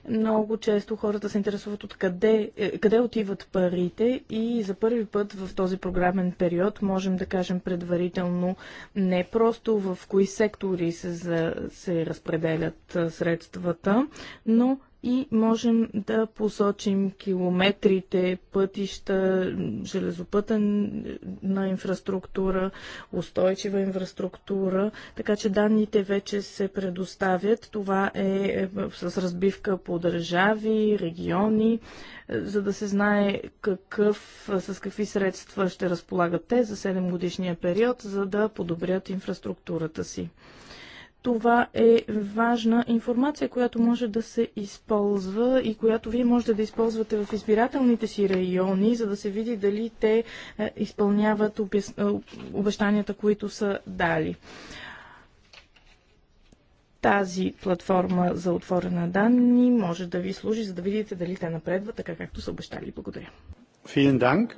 Много често хората се интересуват от къде, е, къде отиват парите и за първи път в този програмен период можем да кажем предварително не просто в кои сектори се, се разпределят средствата, но и можем да посочим километрите, пътища, железопътна инфраструктура, устойчива инфраструктура, така че данните вече се предоставят. Това е, е с разбивка по държави, региони, за да се знае какъв, с какви средства ще разполагат те за 7 годишния период, за да подобрят инфраструктурата си. Това е важна информация, която може да се използва и която вие можете да използвате в избирателните си райони, за да се види дали те е, изпълняват е, обещанията, които са дали тази платформа за отворена данни може да ви служи, за да видите дали те напредват така, както са обещали. Благодаря. Филин данк.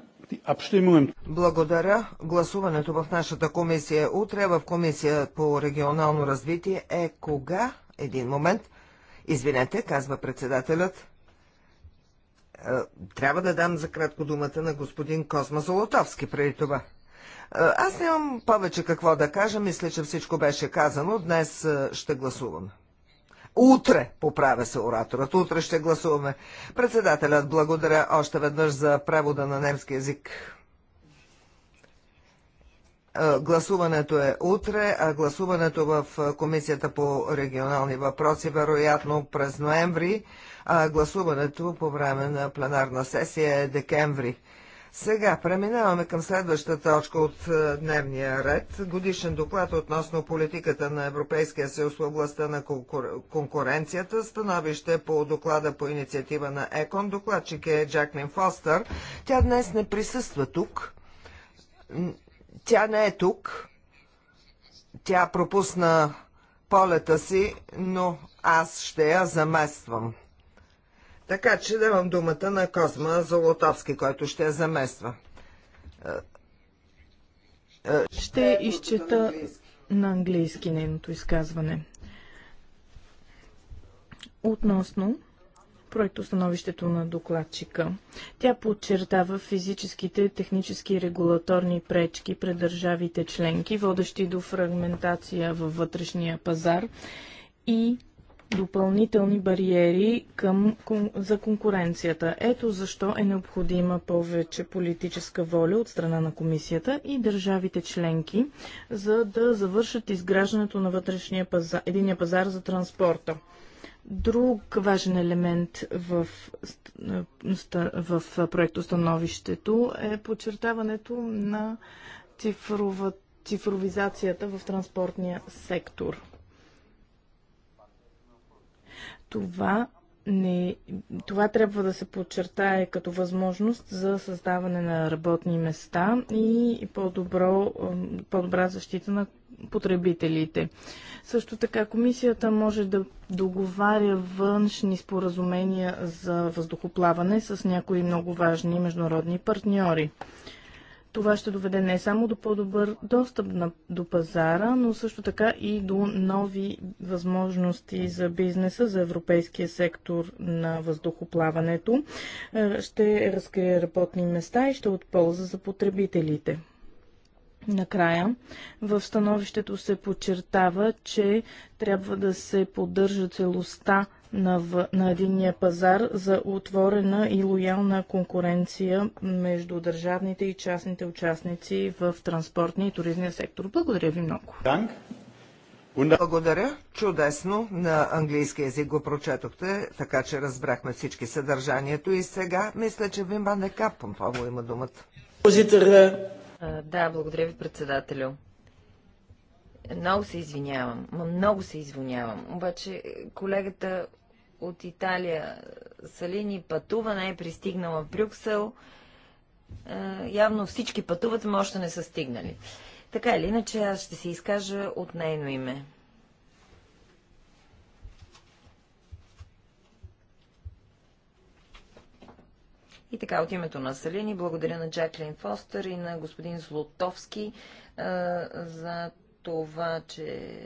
Благодаря. Гласуването в нашата комисия е утре в комисия по регионално развитие е кога? Един момент. Извинете, казва председателят. Е, трябва да дам за кратко думата на господин Козма Золотовски преди това. Е, аз нямам повече какво да кажа. Мисля, че всичко беше казано. Днес ще гласуваме. Утре, поправя се ораторът, утре ще гласуваме. Председателят благодаря още веднъж за превода на немски язик. Е, гласуването е утре, а гласуването в Комисията по регионални въпроси вероятно през ноември, а гласуването по време на пленарна сесия е декември. Сега преминаваме към следващата точка от е, дневния ред. Годишен доклад относно политиката на Европейския съюз в областта на конкуренцията. Становище по доклада по инициатива на ЕКОН. Докладчик е Джаклин Фостър. Тя днес не присъства тук. Тя не е тук. Тя пропусна полета си, но аз ще я замествам. Така че давам думата на Козма Золотовски, който ще я замества. Ще изчета на английски, на английски нейното изказване. Относно проектостановището на докладчика. Тя подчертава физическите, технически и регулаторни пречки пред държавите членки, водещи до фрагментация във вътрешния пазар и допълнителни бариери към, за конкуренцията. Ето защо е необходима повече политическа воля от страна на комисията и държавите членки, за да завършат изграждането на вътрешния пазар, единия пазар за транспорта. Друг важен елемент в, в проектостановището е подчертаването на цифрова, цифровизацията в транспортния сектор – това не, това трябва да се подчертае като възможност за създаване на работни места и по-добро, по-добра защита на потребителите. Също така комисията може да договаря външни споразумения за въздухоплаване с някои много важни международни партньори. Това ще доведе не само до по-добър достъп на, до пазара, но също така и до нови възможности за бизнеса, за европейския сектор на въздухоплаването. Е, ще разкрие работни места и ще от полза за потребителите. Накрая, в становището се подчертава, че трябва да се поддържа целостта на, в, на единния пазар за отворена и лоялна конкуренция между държавните и частните участници в транспортния и туризния сектор. Благодаря ви много. Благодаря. Чудесно. На английски язик го прочетохте, така че разбрахме всички съдържанието. И сега мисля, че Вим не Декапон Павло има думата. Е. Да, благодаря ви, председателю. Много се извинявам. Много се извинявам. Обаче колегата от Италия Салини пътува, не е пристигнала в Брюксел. Е, явно всички пътуват, но още не са стигнали. Така или иначе, аз ще се изкажа от нейно име. И така, от името на Салини, благодаря на Джаклин Фостер и на господин Злотовски е, за това, че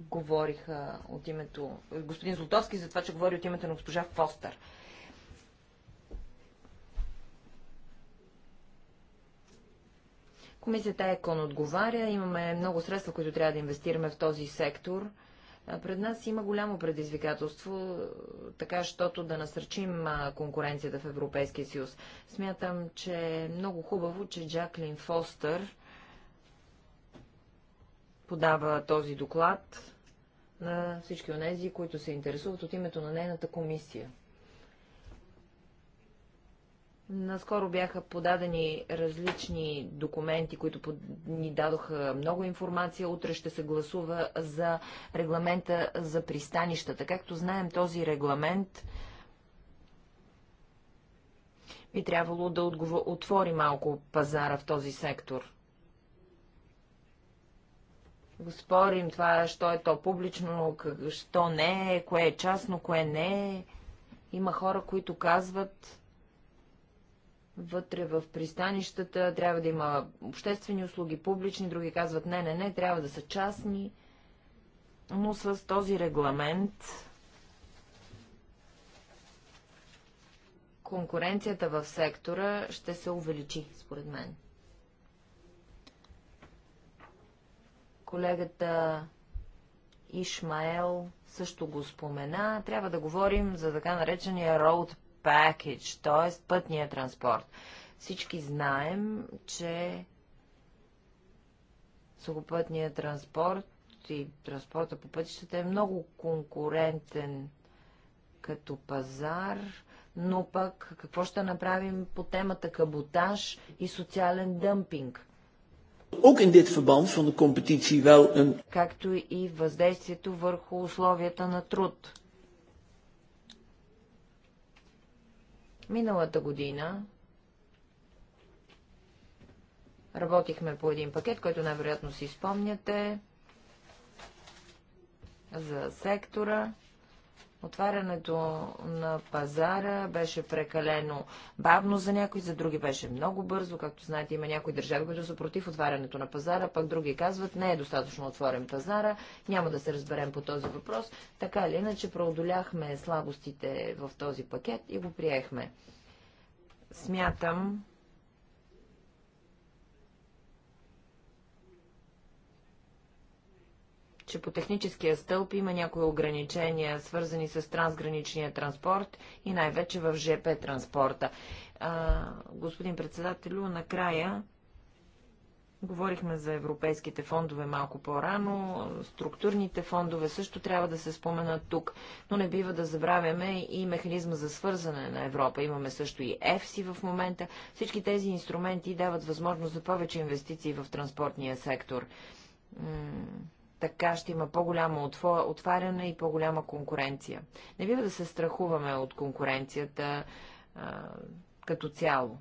говориха от името... Господин Злотовски за това, че говори от името на госпожа Фостър. Комисията ЕКОН отговаря. Имаме много средства, които трябва да инвестираме в този сектор. Пред нас има голямо предизвикателство, така, щото да насърчим конкуренцията в Европейския съюз. Смятам, че е много хубаво, че Джаклин Фостър подава този доклад на всички онези, които се интересуват от името на нейната комисия. Наскоро бяха подадени различни документи, които ни дадоха много информация. Утре ще се гласува за регламента за пристанищата. Както знаем, този регламент би трябвало да отвори малко пазара в този сектор го спорим това, що е то публично, що не е, кое е частно, кое не е. Има хора, които казват, вътре в пристанищата трябва да има обществени услуги, публични, други казват, не, не, не, трябва да са частни. Но с този регламент конкуренцията в сектора ще се увеличи, според мен. Колегата Ишмаел също го спомена. Трябва да говорим за така наречения road package, т.е. пътния транспорт. Всички знаем, че сухопътният транспорт и транспорта по пътищата е много конкурентен като пазар, но пък какво ще направим по темата каботаж и социален дъмпинг? Ook in dit verband van de competitie wel een... Както и въздействието върху условията на труд. Миналата година работихме по един пакет, който най-вероятно си спомняте за сектора. Отварянето на пазара беше прекалено бавно за някои, за други беше много бързо. Както знаете, има някои държави, които са против отварянето на пазара, пък други казват, не е достатъчно отворен пазара, няма да се разберем по този въпрос. Така или иначе преодоляхме слабостите в този пакет и го приехме. Смятам, че по техническия стълб има някои ограничения, свързани с трансграничния транспорт и най-вече в ЖП транспорта. А, господин председателю, накрая говорихме за европейските фондове малко по-рано, структурните фондове също трябва да се споменат тук, но не бива да забравяме и механизма за свързане на Европа. Имаме също и ЕФСИ в момента. Всички тези инструменти дават възможност за повече инвестиции в транспортния сектор така ще има по-голямо отваряне и по-голяма конкуренция. Не бива да се страхуваме от конкуренцията а, като цяло.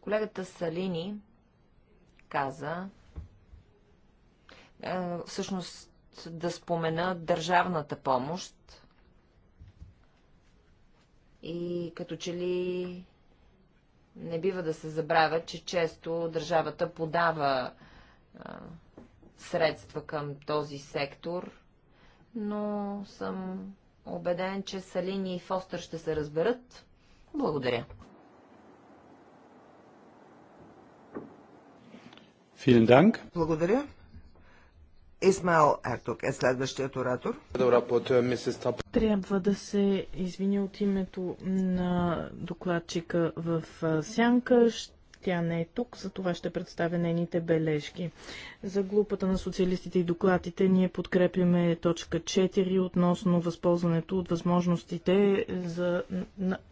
Колегата Салини каза, а, всъщност да спомена държавната помощ и като че ли не бива да се забравя, че често държавата подава а, средства към този сектор, но съм убеден, че Салини и Фостър ще се разберат. Благодаря. Благодаря. Исмаел Ертук е следващият оратор. Трябва да се извиня от името на докладчика в Сянка. Тя не е тук, за това ще представя нейните бележки. За групата на социалистите и докладите ние подкрепяме точка 4 относно възползването от възможностите за,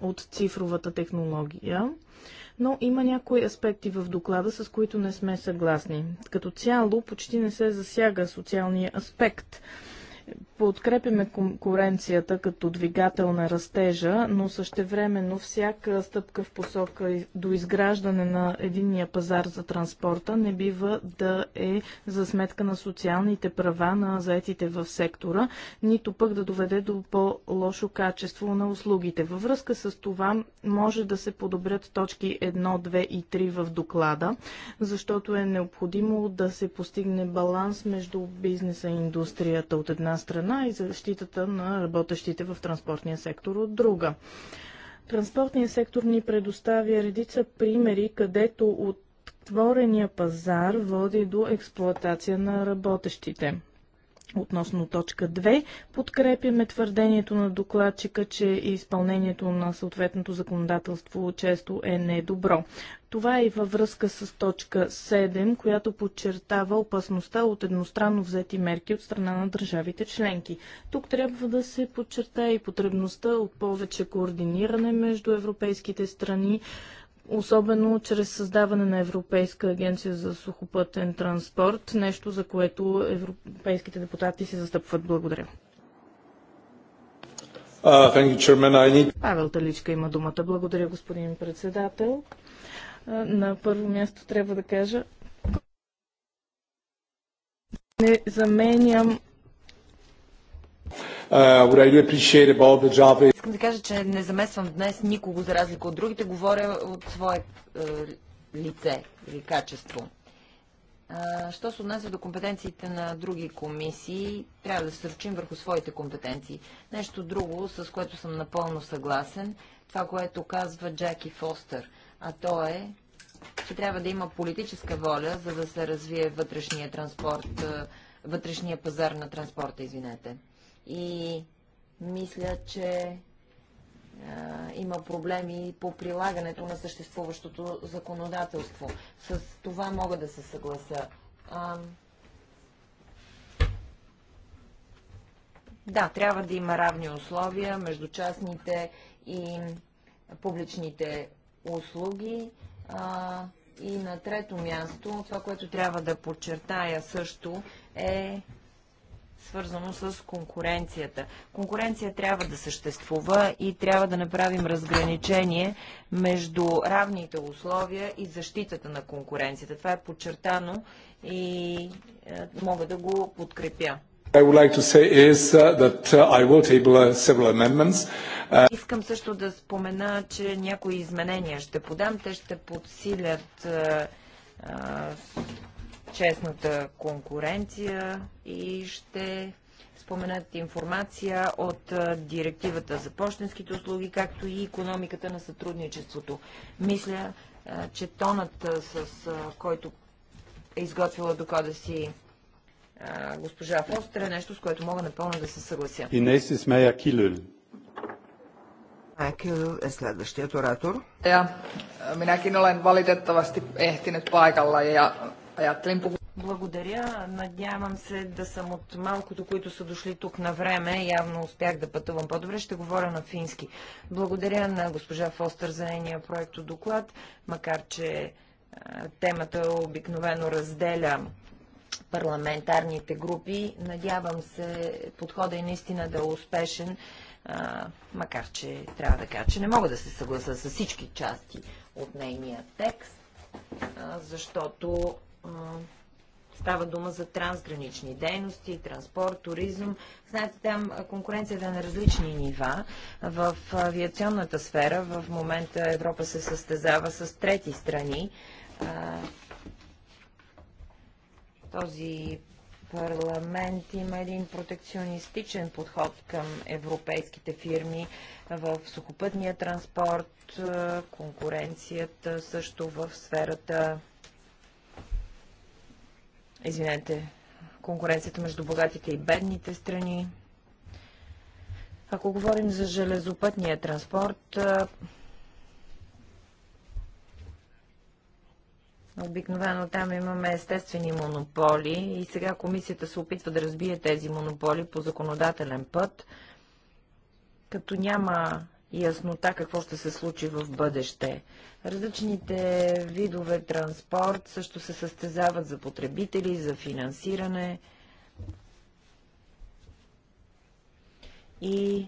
от цифровата технология но има някои аспекти в доклада, с които не сме съгласни. Като цяло почти не се засяга социалния аспект. Подкрепяме конкуренцията като двигател на растежа, но същевременно всяка стъпка в посока до изграждане на единния пазар за транспорта не бива да е за сметка на социалните права на заетите в сектора, нито пък да доведе до по-лошо качество на услугите. Във връзка с това може да се подобрят точки 1, 2 и 3 в доклада, защото е необходимо да се постигне баланс между бизнеса и индустрията от една страна и защитата на работещите в транспортния сектор от друга. Транспортният сектор ни предоставя редица примери, където отворения пазар води до експлоатация на работещите. Относно точка 2, подкрепяме твърдението на докладчика, че изпълнението на съответното законодателство често е недобро. Това е и във връзка с точка 7, която подчертава опасността от едностранно взети мерки от страна на държавите членки. Тук трябва да се подчертае и потребността от повече координиране между европейските страни, особено чрез създаване на Европейска агенция за сухопътен транспорт, нещо за което европейските депутати се застъпват. Благодаря. Uh, you, need... Павел Таличка има думата. Благодаря, господин председател. На първо място трябва да кажа, не заменям Искам да кажа, че не замесвам днес никого за разлика от другите. Говоря от свое е, лице или качество. що се отнася до компетенциите на други комисии, трябва да се сръчим върху своите компетенции. Нещо друго, с което съм напълно съгласен, това, което казва Джаки Фостер – а то е, че трябва да има политическа воля, за да се развие вътрешния транспорт, е, вътрешния пазар на транспорта, извинете. И мисля, че е, има проблеми по прилагането на съществуващото законодателство. С това мога да се съглася. А... Да, трябва да има равни условия между частните и публичните услуги. А, и на трето място, това, което трябва да подчертая също, е свързано с конкуренцията. Конкуренция трябва да съществува и трябва да направим разграничение между равните условия и защитата на конкуренцията. Това е подчертано и е, мога да го подкрепя. I would like to say is uh, that uh, I will table uh, several amendments. Искам също да спомена, че някои изменения ще подам. Те ще подсилят е, е, честната конкуренция и ще споменат информация от е, директивата за почтенските услуги, както и економиката на сътрудничеството. Мисля, че тонът, с който е изготвила доклада си госпожа Фостер е нещо, с което мога напълно да се съглася. И се смея Килюл. Mäkelö е следващият оратор. Ja minäkin olen valitettavasti ehtinyt paikalla Благодаря. Надявам се да съм от малкото, които са дошли тук на време. Явно успях да пътувам по-добре. Ще говоря на фински. Благодаря на госпожа Фостер за нейния от доклад, макар че темата обикновено разделя парламентарните групи. Надявам се подхода и е наистина да е успешен, а, макар че трябва да кажа, че не мога да се съгласа с всички части от нейния текст, а, защото а, Става дума за трансгранични дейности, транспорт, туризъм. Знаете, там конкуренцията е на различни нива. В авиационната сфера в момента Европа се състезава с трети страни. Този парламент има един протекционистичен подход към европейските фирми в сухопътния транспорт, конкуренцията също в сферата извинете, конкуренцията между богатите и бедните страни. Ако говорим за железопътния транспорт, Обикновено там имаме естествени монополи и сега комисията се опитва да разбие тези монополи по законодателен път, като няма яснота какво ще се случи в бъдеще. Различните видове транспорт също се състезават за потребители, за финансиране и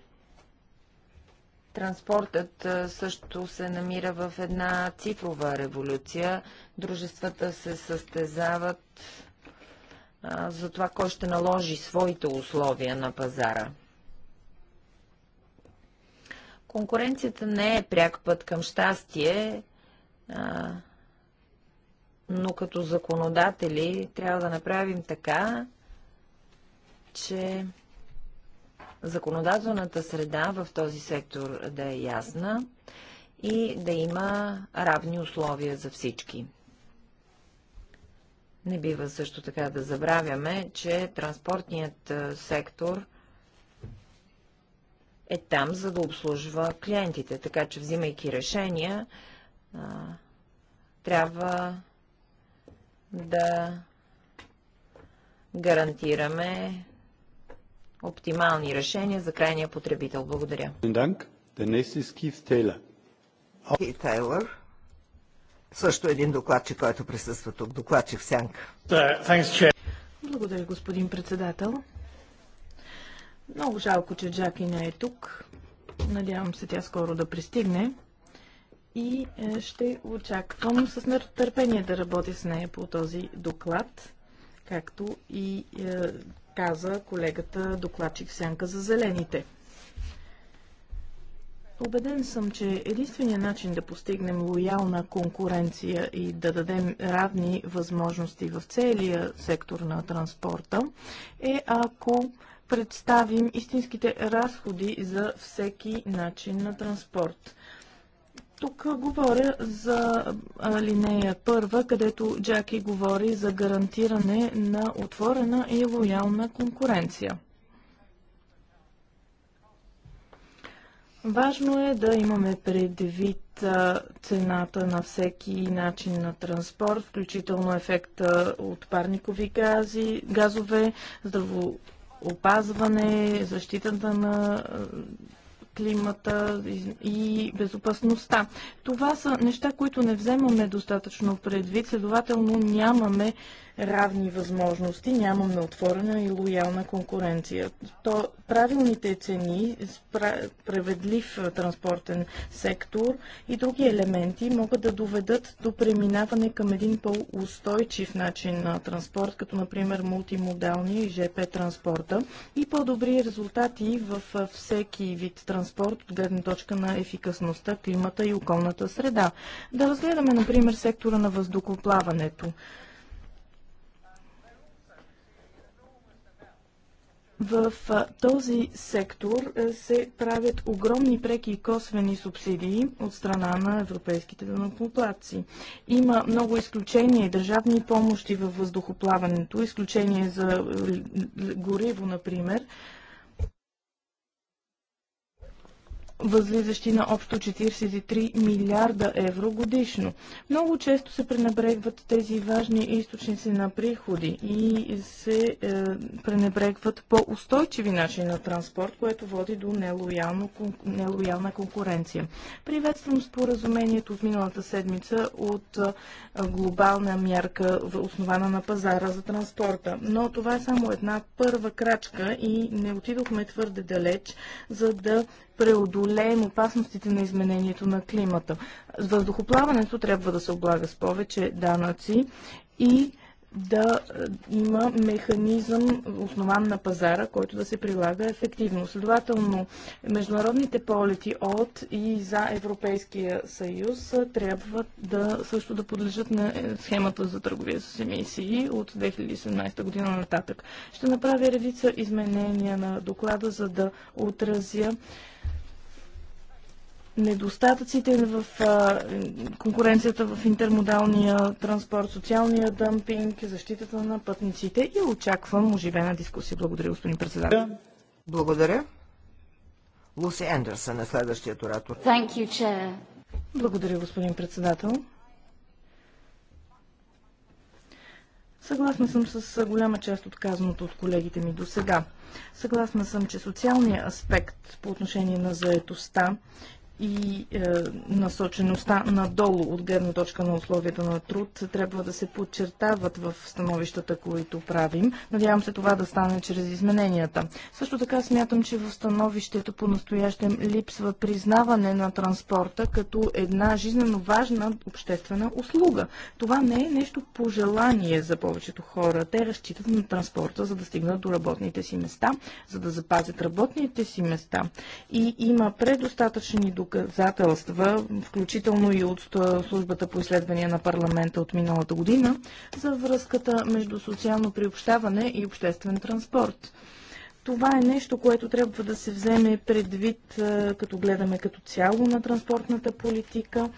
Транспортът също се намира в една цифрова революция. Дружествата се състезават за това, кой ще наложи своите условия на пазара. Конкуренцията не е пряк път към щастие, но като законодатели трябва да направим така, че законодателната среда в този сектор да е ясна и да има равни условия за всички. Не бива също така да забравяме, че транспортният сектор е там, за да обслужва клиентите, така че взимайки решения, трябва да гарантираме оптимални решения за крайния потребител. Благодаря. Хей Тейлър, също един докладчик, който присъства тук, докладчик Сянка. Uh, Благодаря, господин председател. Много жалко, че Джаки не е тук. Надявам се тя скоро да пристигне. И е, ще очаквам с нетърпение да работя с нея по този доклад, както и е, каза колегата докладчик Сянка за зелените. Обеден съм, че единственият начин да постигнем лоялна конкуренция и да дадем равни възможности в целия сектор на транспорта е ако представим истинските разходи за всеки начин на транспорт. Тук говоря за линея първа, където Джаки говори за гарантиране на отворена и лоялна конкуренция. Важно е да имаме предвид цената на всеки начин на транспорт, включително ефекта от парникови гази, газове, здравоопазване, опазване, защитата на климата и безопасността. Това са неща, които не вземаме достатъчно предвид, следователно нямаме равни възможности, нямаме отворена и лоялна конкуренция. То правилните цени, справедлив транспортен сектор и други елементи могат да доведат до преминаване към един по-устойчив начин на транспорт, като например мултимодалния и ЖП транспорта и по-добри резултати в всеки вид транспорт от гледна точка на ефикасността, климата и околната среда. Да разгледаме, например, сектора на въздухоплаването. В този сектор се правят огромни преки и косвени субсидии от страна на европейските данъкоплатци. Има много изключения, и държавни помощи във въздухоплаването, изключение за гориво, например, възлизащи на общо 43 милиарда евро годишно. Много често се пренебрегват тези важни източници на приходи и се е, пренебрегват по-устойчиви начини на транспорт, което води до нелоялно, нелоялна конкуренция. Приветствам споразумението от миналата седмица от е, глобална мярка, основана на пазара за транспорта. Но това е само една първа крачка и не отидохме твърде далеч, за да преодолеем опасностите на изменението на климата. Въздухоплаването трябва да се облага с повече данъци и да е, има механизъм, основан на пазара, който да се прилага ефективно. Следователно, международните полети от и за Европейския съюз е, трябва да също да подлежат на е, схемата за търговия с емисии от 2017 година нататък. Ще направя редица изменения на доклада, за да отразя недостатъците в конкуренцията в интермодалния транспорт, социалния дъмпинг, защитата на пътниците и очаквам оживена дискусия. Благодаря, господин председател. Благодаря. Луси Ендерсън е следващият оратор. You, Благодаря, господин председател. Съгласна съм с голяма част от казаното от колегите ми до сега. Съгласна съм, че социалният аспект по отношение на заетостта и е, насочеността надолу от гледна точка на условията на труд трябва да се подчертават в становищата, които правим. Надявам се това да стане чрез измененията. Също така смятам, че в становището по-настоящем липсва признаване на транспорта като една жизненно важна обществена услуга. Това не е нещо пожелание за повечето хора. Те разчитат на транспорта, за да стигнат до работните си места, за да запазят работните си места. И има предостатъчни документи доказателства, включително и от службата по изследвания на парламента от миналата година, за връзката между социално приобщаване и обществен транспорт. Това е нещо, което трябва да се вземе предвид, като гледаме като цяло на транспортната политика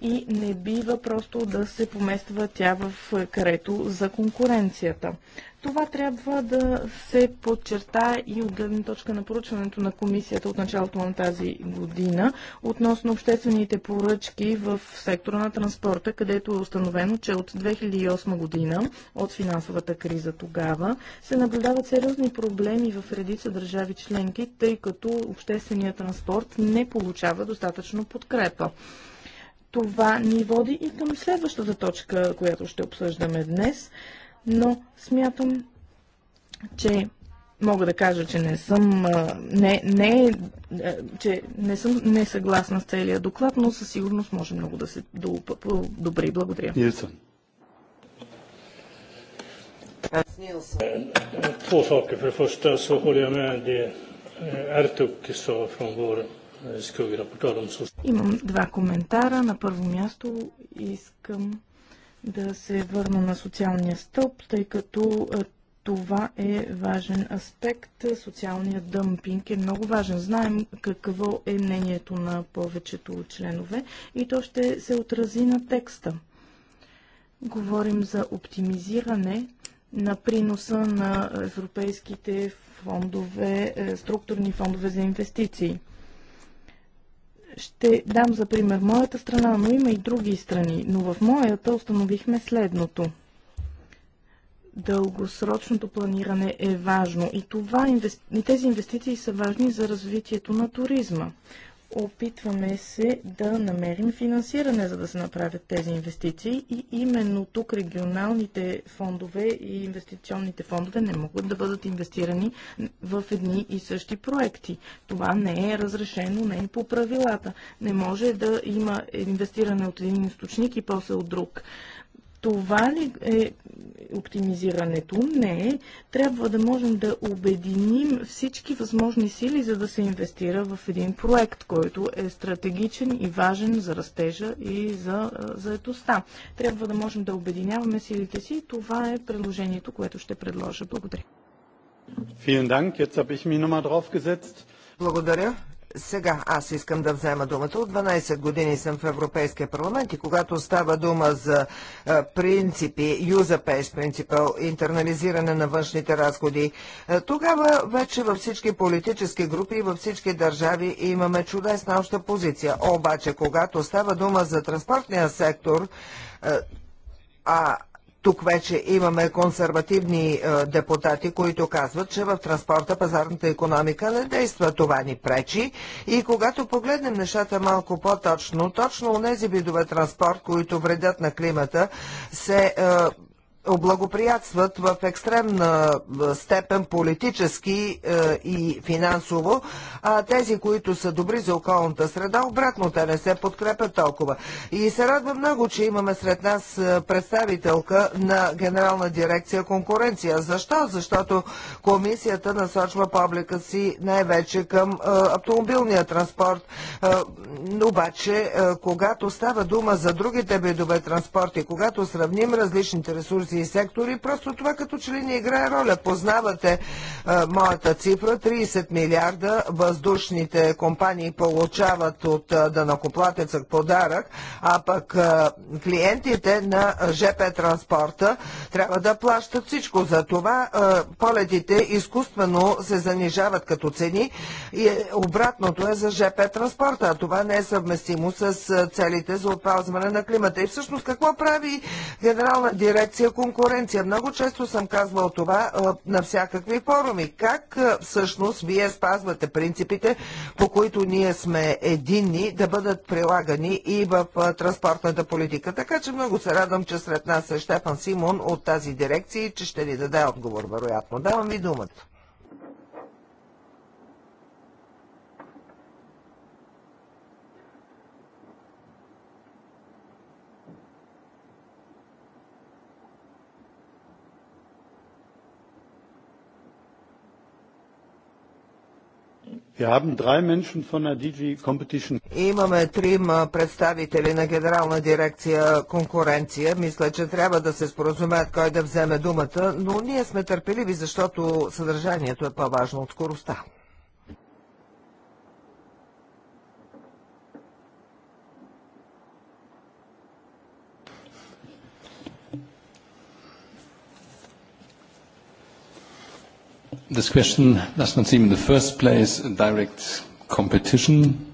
и не бива просто да се помества тя в карето за конкуренцията. Това трябва да се подчерта и от гледна точка на поръчването на комисията от началото на тази година относно обществените поръчки в сектора на транспорта, където е установено, че от 2008 година, от финансовата криза тогава, се наблюдават сериозни проблеми в редица държави членки, тъй като общественият транспорт не получава достатъчно подкрепа. Това ни води и към следващата точка, която ще обсъждаме днес, но смятам, че мога да кажа, че не съм, не, не, е, че не съм не съгласна с целия доклад, но със сигурност може много да се добри. Благодаря. Нилсън. Två saker. För det första så håller jag med det eh, Ertuk sa från vår eh, skuggrapportör om social... två kommentarer. På första plats vill jag да се върна на социалния стълб, тъй като това е важен аспект. Социалният дъмпинг е много важен. Знаем какво е мнението на повечето членове и то ще се отрази на текста. Говорим за оптимизиране на приноса на европейските фондове, е, структурни фондове за инвестиции. Ще дам за пример моята страна, но има и други страни. Но в моята установихме следното. Дългосрочното планиране е важно и, това, и тези инвестиции са важни за развитието на туризма. Опитваме се да намерим финансиране, за да се направят тези инвестиции и именно тук регионалните фондове и инвестиционните фондове не могат да бъдат инвестирани в едни и същи проекти. Това не е разрешено, не е по правилата. Не може да има инвестиране от един източник и после от друг. Това ли е оптимизирането? Не. Трябва да можем да обединим всички възможни сили, за да се инвестира в един проект, който е стратегичен и важен за растежа и за заетостта. Трябва да можем да обединяваме силите си. Това е предложението, което ще предложа. Благодаря. Благодаря. Сега аз искам да взема думата. От 12 години съм в Европейския парламент и когато става дума за е, принципи, Юза Пейс принципа, интернализиране на външните разходи, е, тогава вече във всички политически групи и във всички държави имаме чудесна обща позиция. Обаче, когато става дума за транспортния сектор, е, а тук вече имаме консервативни е, депутати, които казват, че в транспорта пазарната економика не действа. Това ни пречи. И когато погледнем нещата малко по-точно, точно у нези видове транспорт, които вредят на климата, се е, облагоприятстват в екстремна степен политически и финансово, а тези, които са добри за околната среда, обратно те не се подкрепят толкова. И се радва много, че имаме сред нас представителка на Генерална дирекция конкуренция. Защо? Защото комисията насочва публика си най-вече към автомобилния транспорт. обаче, когато става дума за другите видове транспорти, когато сравним различните ресурси, сектор и Просто това като че ли не играе роля. Познавате а, моята цифра. 30 милиарда въздушните компании получават от а, данакоплатеца подарък, а пък а, клиентите на ЖП транспорта трябва да плащат всичко. За това а, полетите изкуствено се занижават като цени и е, обратното е за ЖП транспорта. А това не е съвместимо с целите за отпазване на климата. И всъщност какво прави Генерална дирекция конкуренция. Много често съм казвал това на всякакви форуми. Как всъщност вие спазвате принципите, по които ние сме единни, да бъдат прилагани и в транспортната политика. Така че много се радвам, че сред нас е Штефан Симон от тази дирекция и че ще ни даде отговор, вероятно. Давам ви думата. Имаме трима представители на Генерална дирекция конкуренция. Мисля, че трябва да се споразумеят кой да вземе думата, но ние сме търпеливи, защото съдържанието е по-важно от скоростта. This question does not seem in the first place a direct competition.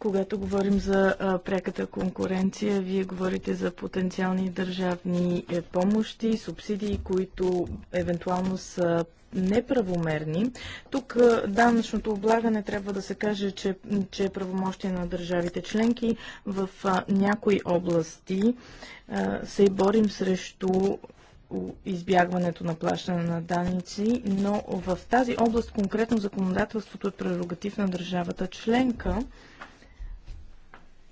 Когато говорим за пряката конкуренция, вие говорите за потенциални държавни е, помощи, субсидии, които евентуално са неправомерни. Тук данъчното облагане трябва да се каже, че, че е правомощие на държавите членки. В някои области се борим срещу избягването на плащане на данници, но в тази област конкретно законодателството е прерогатив на държавата членка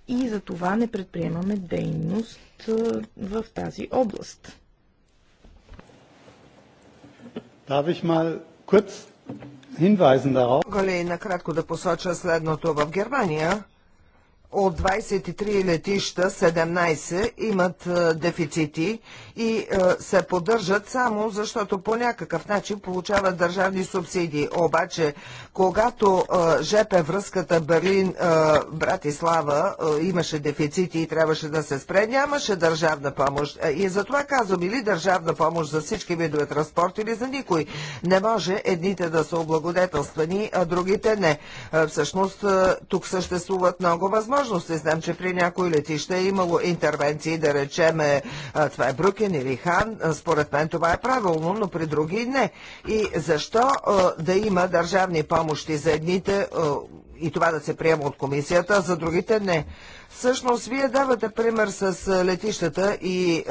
и за това не предприемаме дейност в тази област. Darf ich mal kurz hinweisen darauf? Голей накратко да посоча следното в Германия от 23 летища 17 имат е, дефицити и е, се поддържат само защото по някакъв начин получават държавни субсидии. Обаче, когато е, ЖП връзката Берлин-Братислава имаше дефицити и трябваше да се спре, нямаше държавна помощ. И затова казвам или държавна помощ за всички видове транспорт или за никой. Не може едните да са облагодетелствани, а другите не. Всъщност, тук съществуват много възможности възможности. Знам, че при някои летища е имало интервенции, да речеме това е Брукен или Хан. Според мен това е правилно, но при други не. И защо да има държавни помощи за едните и това да се приема от комисията, а за другите не? Всъщност, вие давате пример с летищата и е,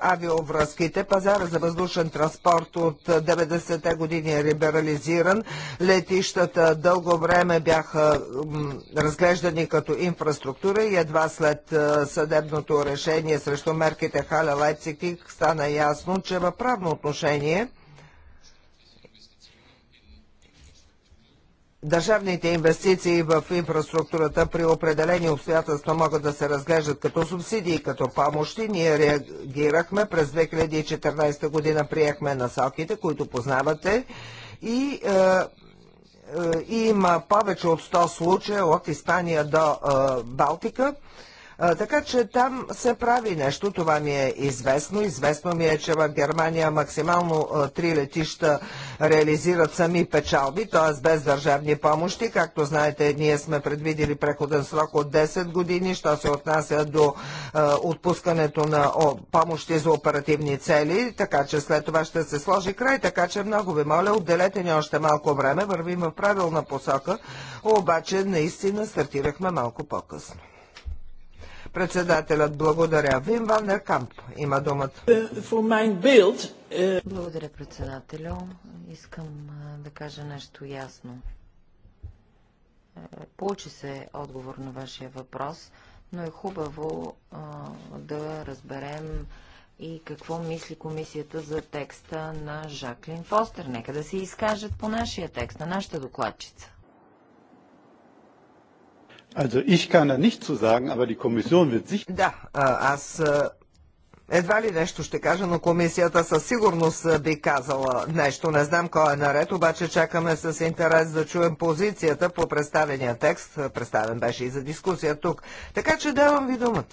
авиовръзките. Пазара за въздушен транспорт от 90-те години е либерализиран. Летищата дълго време бяха м, разглеждани като инфраструктура и едва след е, съдебното решение срещу мерките Халя Лайпциг стана ясно, че във правно отношение – Държавните инвестиции в инфраструктурата при определени обстоятелства могат да се разглеждат като субсидии, като помощи. Ние реагирахме през 2014 година, приехме насоките, които познавате и е, е, има повече от 100 случая от Испания до е, Балтика. Така че там се прави нещо, това ми е известно. Известно ми е, че в Германия максимално три летища реализират сами печалби, т.е. без държавни помощи. Както знаете, ние сме предвидили преходен срок от 10 години, що се отнася до отпускането на помощи за оперативни цели, така че след това ще се сложи край, така че много ви моля, отделете ни още малко време, вървим в правилна посока, обаче наистина стартирахме малко по-късно. Председателят благодаря. Вим Вандер Камп има думата. Е, е, благодаря, председателю. Искам да кажа нещо ясно. Е, получи се отговор на вашия въпрос, но е хубаво да разберем и какво мисли комисията за текста на Жаклин Фостер. Нека да се изкажат по нашия текст, на нашата докладчица. Also ich kann da nicht zu sagen, aber die Kommission wird sich... Да, аз едва ли нещо ще кажа, но комисията със сигурност би казала нещо. Не знам кой е наред, обаче чакаме с интерес да чуем позицията по представения текст. Представен беше и за дискусия тук. Така че давам ви думата.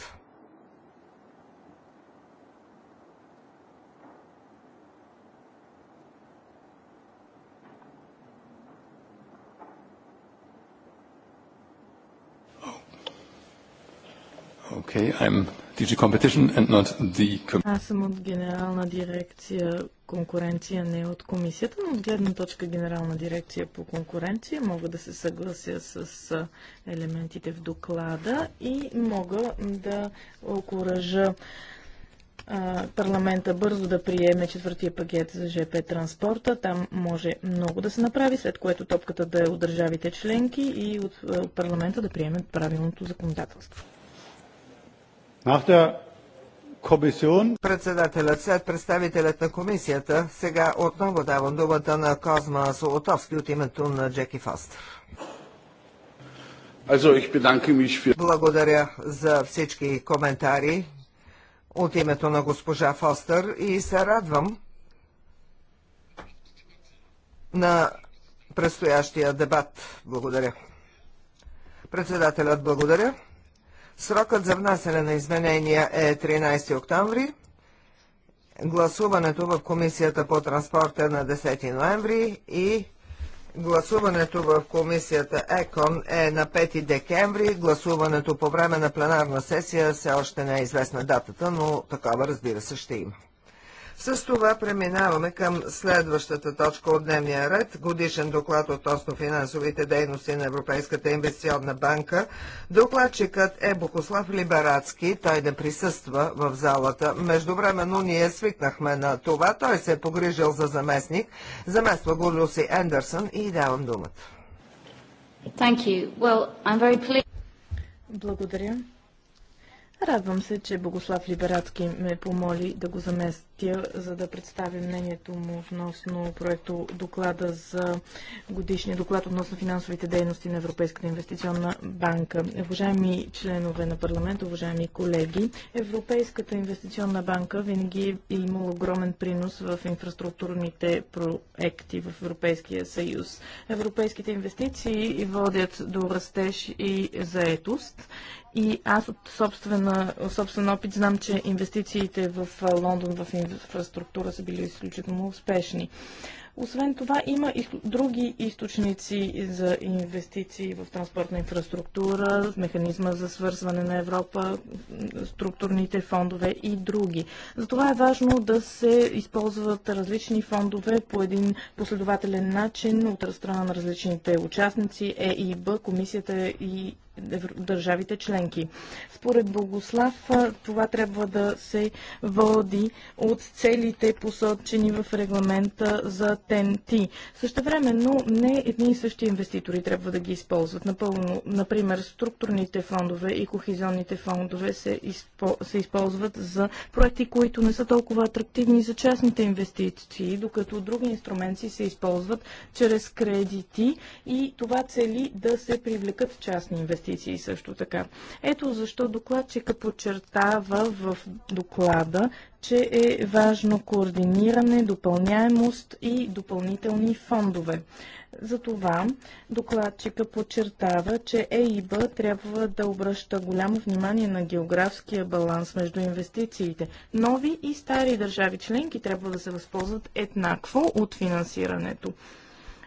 Okay, I'm DG Competition and not the Аз съм от Генерална дирекция конкуренция, не от комисията, но от гледна точка Генерална дирекция по конкуренция мога да се съглася с елементите в доклада и мога да окоръжа парламента бързо да приеме четвъртия пакет за ЖП транспорта. Там може много да се направи, след което топката да е от държавите членки и от парламента да приеме правилното законодателство. Председателят след представителят на комисията, сега отново давам думата на Козма Солотовски от името на Джеки Фостер. Благодаря за всички коментари от името на госпожа Фостър и се радвам на предстоящия дебат. Благодаря. Председателят благодаря. Срокът за внасяне на изменения е 13 октомври. Гласуването в Комисията по транспорта е на 10 ноември и Гласуването в комисията ЕКОН е на 5 декември. Гласуването по време на пленарна сесия все още не е известна датата, но такава разбира се ще има. С това преминаваме към следващата точка от дневния ред – годишен доклад относно финансовите дейности на Европейската инвестиционна банка. Докладчикът е Бокослав Либарацки. Той не присъства в залата. Междувременно ние свикнахме на това. Той се е погрижил за заместник. Замества го Люси Ендерсон и давам думата. Well, Благодаря. Радвам се, че Богослав Либератски ме помоли да го заместя, за да представя мнението му относно проекто доклада за годишния доклад относно финансовите дейности на Европейската инвестиционна банка. Уважаеми членове на парламент, уважаеми колеги, Европейската инвестиционна банка винаги е имала огромен принос в инфраструктурните проекти в Европейския съюз. Европейските инвестиции водят до растеж и заетост и аз от собствена, собствен опит знам, че инвестициите в Лондон в инфраструктура са били изключително успешни. Освен това, има и други източници за инвестиции в транспортна инфраструктура, механизма за свързване на Европа, структурните фондове и други. Затова е важно да се използват различни фондове по един последователен начин от страна на различните участници, ЕИБ, комисията и държавите членки. Според Богослав това трябва да се води от целите посочени в регламента за ТНТ. Също време, но не едни и същи инвеститори трябва да ги използват. Напълно, например, структурните фондове и кохизионните фондове се, изпо, се използват за проекти, които не са толкова атрактивни за частните инвестиции, докато други инструменти се използват чрез кредити и това цели да се привлекат частни инвестиции инвестиции също така. Ето защо докладчика подчертава в доклада, че е важно координиране, допълняемост и допълнителни фондове. Затова докладчика подчертава, че ЕИБ трябва да обръща голямо внимание на географския баланс между инвестициите. Нови и стари държави членки трябва да се възползват еднакво от финансирането.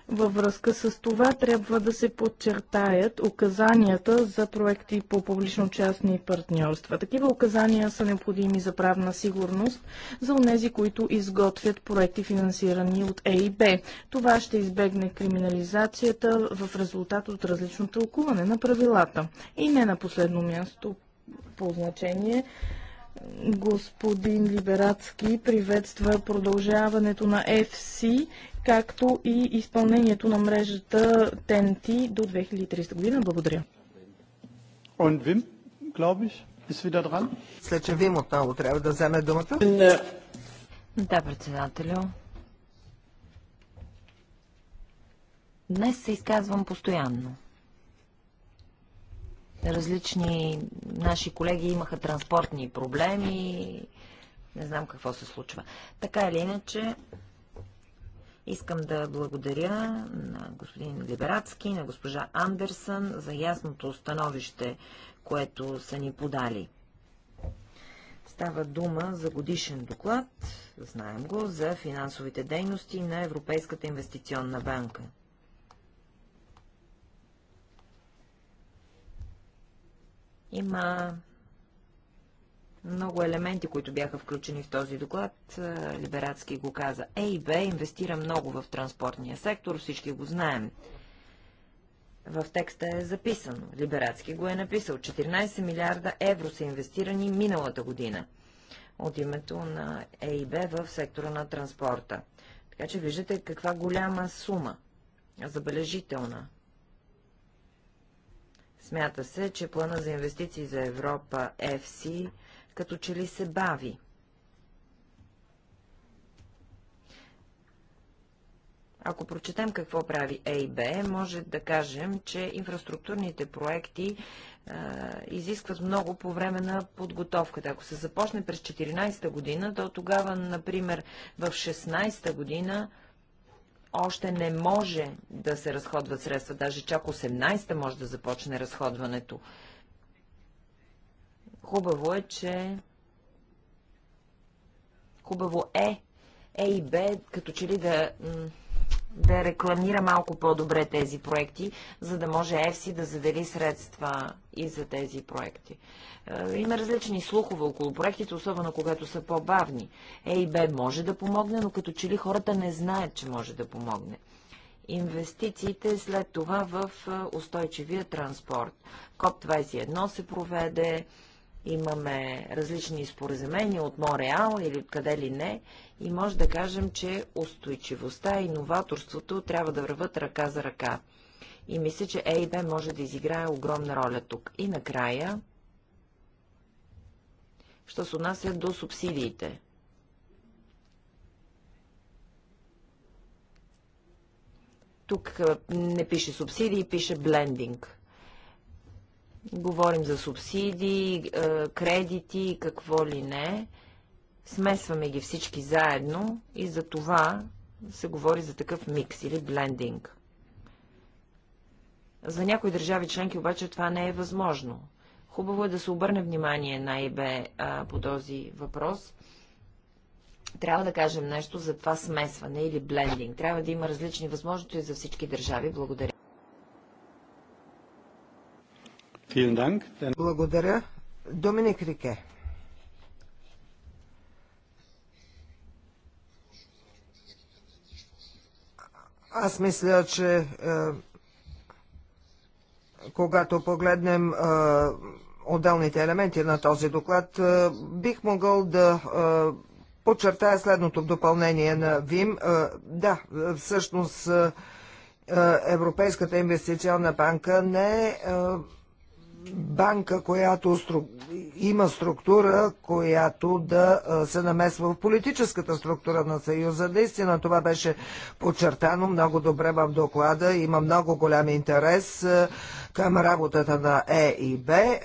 Във връзка с това трябва да се подчертаят указанията за проекти по публично-частни партньорства. Такива указания са необходими за правна сигурност за унези, които изготвят проекти финансирани от Е и Б. Това ще избегне криминализацията в резултат от различно тълкуване на правилата. И не на последно място по значение господин Либерацки приветства продължаването на FC е както и изпълнението на мрежата ТНТ до 2030 година. Благодаря. Und Wim, glaube ich, ist wieder dran. След че Вим отново трябва да вземе думата. Да, председателю. Днес се изказвам постоянно. Различни наши колеги имаха транспортни проблеми. Не знам какво се случва. Така или иначе, Искам да благодаря на господин Либерацки, на госпожа Андерсън за ясното становище, което са ни подали. Става дума за годишен доклад, знаем го, за финансовите дейности на Европейската инвестиционна банка. Има много елементи, които бяха включени в този доклад. Либератски го каза. ЕИБ инвестира много в транспортния сектор, всички го знаем. В текста е записано. либератски го е написал. 14 милиарда евро са инвестирани миналата година от името на ЕИБ в сектора на транспорта. Така че виждате каква голяма сума, забележителна. Смята се, че плана за инвестиции за Европа ЕФСИ като че ли се бави. Ако прочетем какво прави ЕИБ, може да кажем, че инфраструктурните проекти е, изискват много по време на подготовката. Ако се започне през 14-та година, то тогава, например, в 16-та година още не може да се разходват средства, даже чак 18-та може да започне разходването. Хубаво е, че... Хубаво е Е и Б, като че ли да, да рекламира малко по-добре тези проекти, за да може ЕФСИ да задели средства и за тези проекти. Е, има различни слухове около проектите, особено когато са по-бавни. Е и Б може да помогне, но като че ли хората не знаят, че може да помогне инвестициите след това в е, устойчивия транспорт. КОП-21 се проведе, Имаме различни споразумения от Мореал или къде ли не и може да кажем, че устойчивостта и новаторството трябва да върват ръка за ръка. И мисля, че ЕИБ може да изиграе огромна роля тук. И накрая, що се отнася до субсидиите. Тук не пише субсидии, пише блендинг. Говорим за субсидии, е, кредити, какво ли не. Смесваме ги всички заедно и за това се говори за такъв микс или блендинг. За някои държави членки обаче това не е възможно. Хубаво е да се обърне внимание на ИБ е, по този въпрос. Трябва да кажем нещо за това смесване или блендинг. Трябва да има различни възможности за всички държави. Благодаря. Благодаря. Доминик Рике. Аз мисля, че е, когато погледнем е, отделните елементи на този доклад, е, бих могъл да е, подчертая следното в допълнение на ВИМ. Е, да, всъщност е, Европейската инвестиционна банка не е банка, която стру... има структура, която да се намесва в политическата структура на Съюза. Наистина това беше подчертано много добре в доклада. Има много голям интерес към работата на Е и Б е,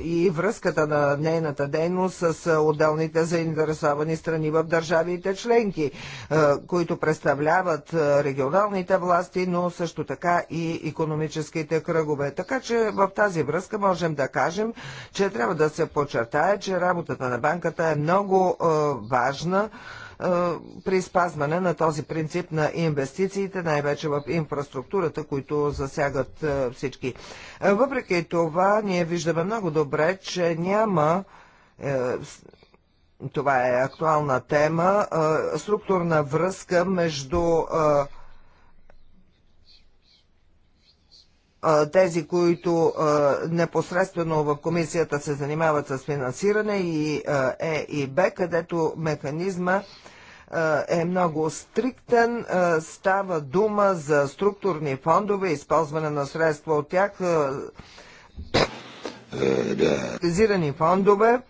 и връзката на нейната дейност с е, отделните заинтересовани страни в държавите членки, е, които представляват регионалните власти, но също така и економическите кръгове. Така че в тази връзка можем да кажем, че трябва да се подчертае, че работата на банката е много важна при спазване на този принцип на инвестициите, най-вече в инфраструктурата, които засягат всички. Въпреки това, ние виждаме много добре, че няма това е актуална тема, структурна връзка между тези, които непосредствено в комисията се занимават с финансиране и Е и Б, където механизма е много стриктен. Е, става дума за структурни фондове, използване на средства от тях, специализирани е, фондове.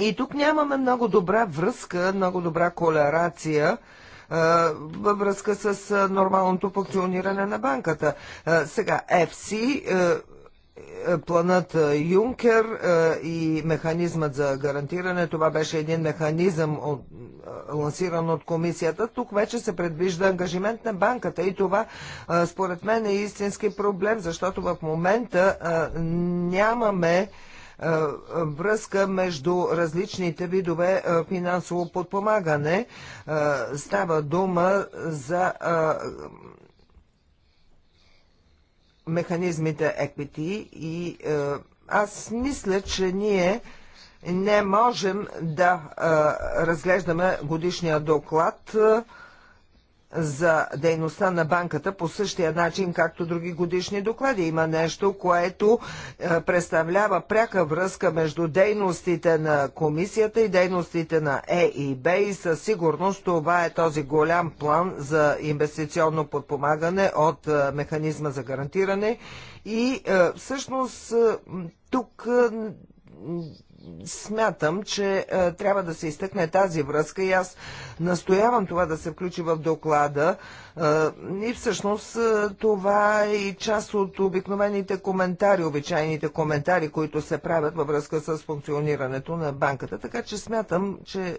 И тук нямаме много добра връзка, много добра колерация е, във връзка с нормалното функциониране на банката. Сега, FC планът Юнкер и механизмът за гарантиране. Това беше един механизъм от, лансиран от комисията. Тук вече се предвижда ангажимент на банката и това според мен е истински проблем, защото в момента нямаме връзка между различните видове финансово подпомагане. Става дума за механизмите equity и е, аз мисля, че ние не можем да е, разглеждаме годишния доклад е, за дейността на банката по същия начин, както други годишни доклади. Има нещо, което е, представлява пряка връзка между дейностите на комисията и дейностите на ЕИБ и със сигурност това е този голям план за инвестиционно подпомагане от е, механизма за гарантиране и е, всъщност тук смятам, че е, трябва да се изтъкне тази връзка и аз настоявам това да се включи в доклада. Е, и всъщност е, това е и част от обикновените коментари, обичайните коментари, които се правят във връзка с функционирането на банката. Така че смятам, че е,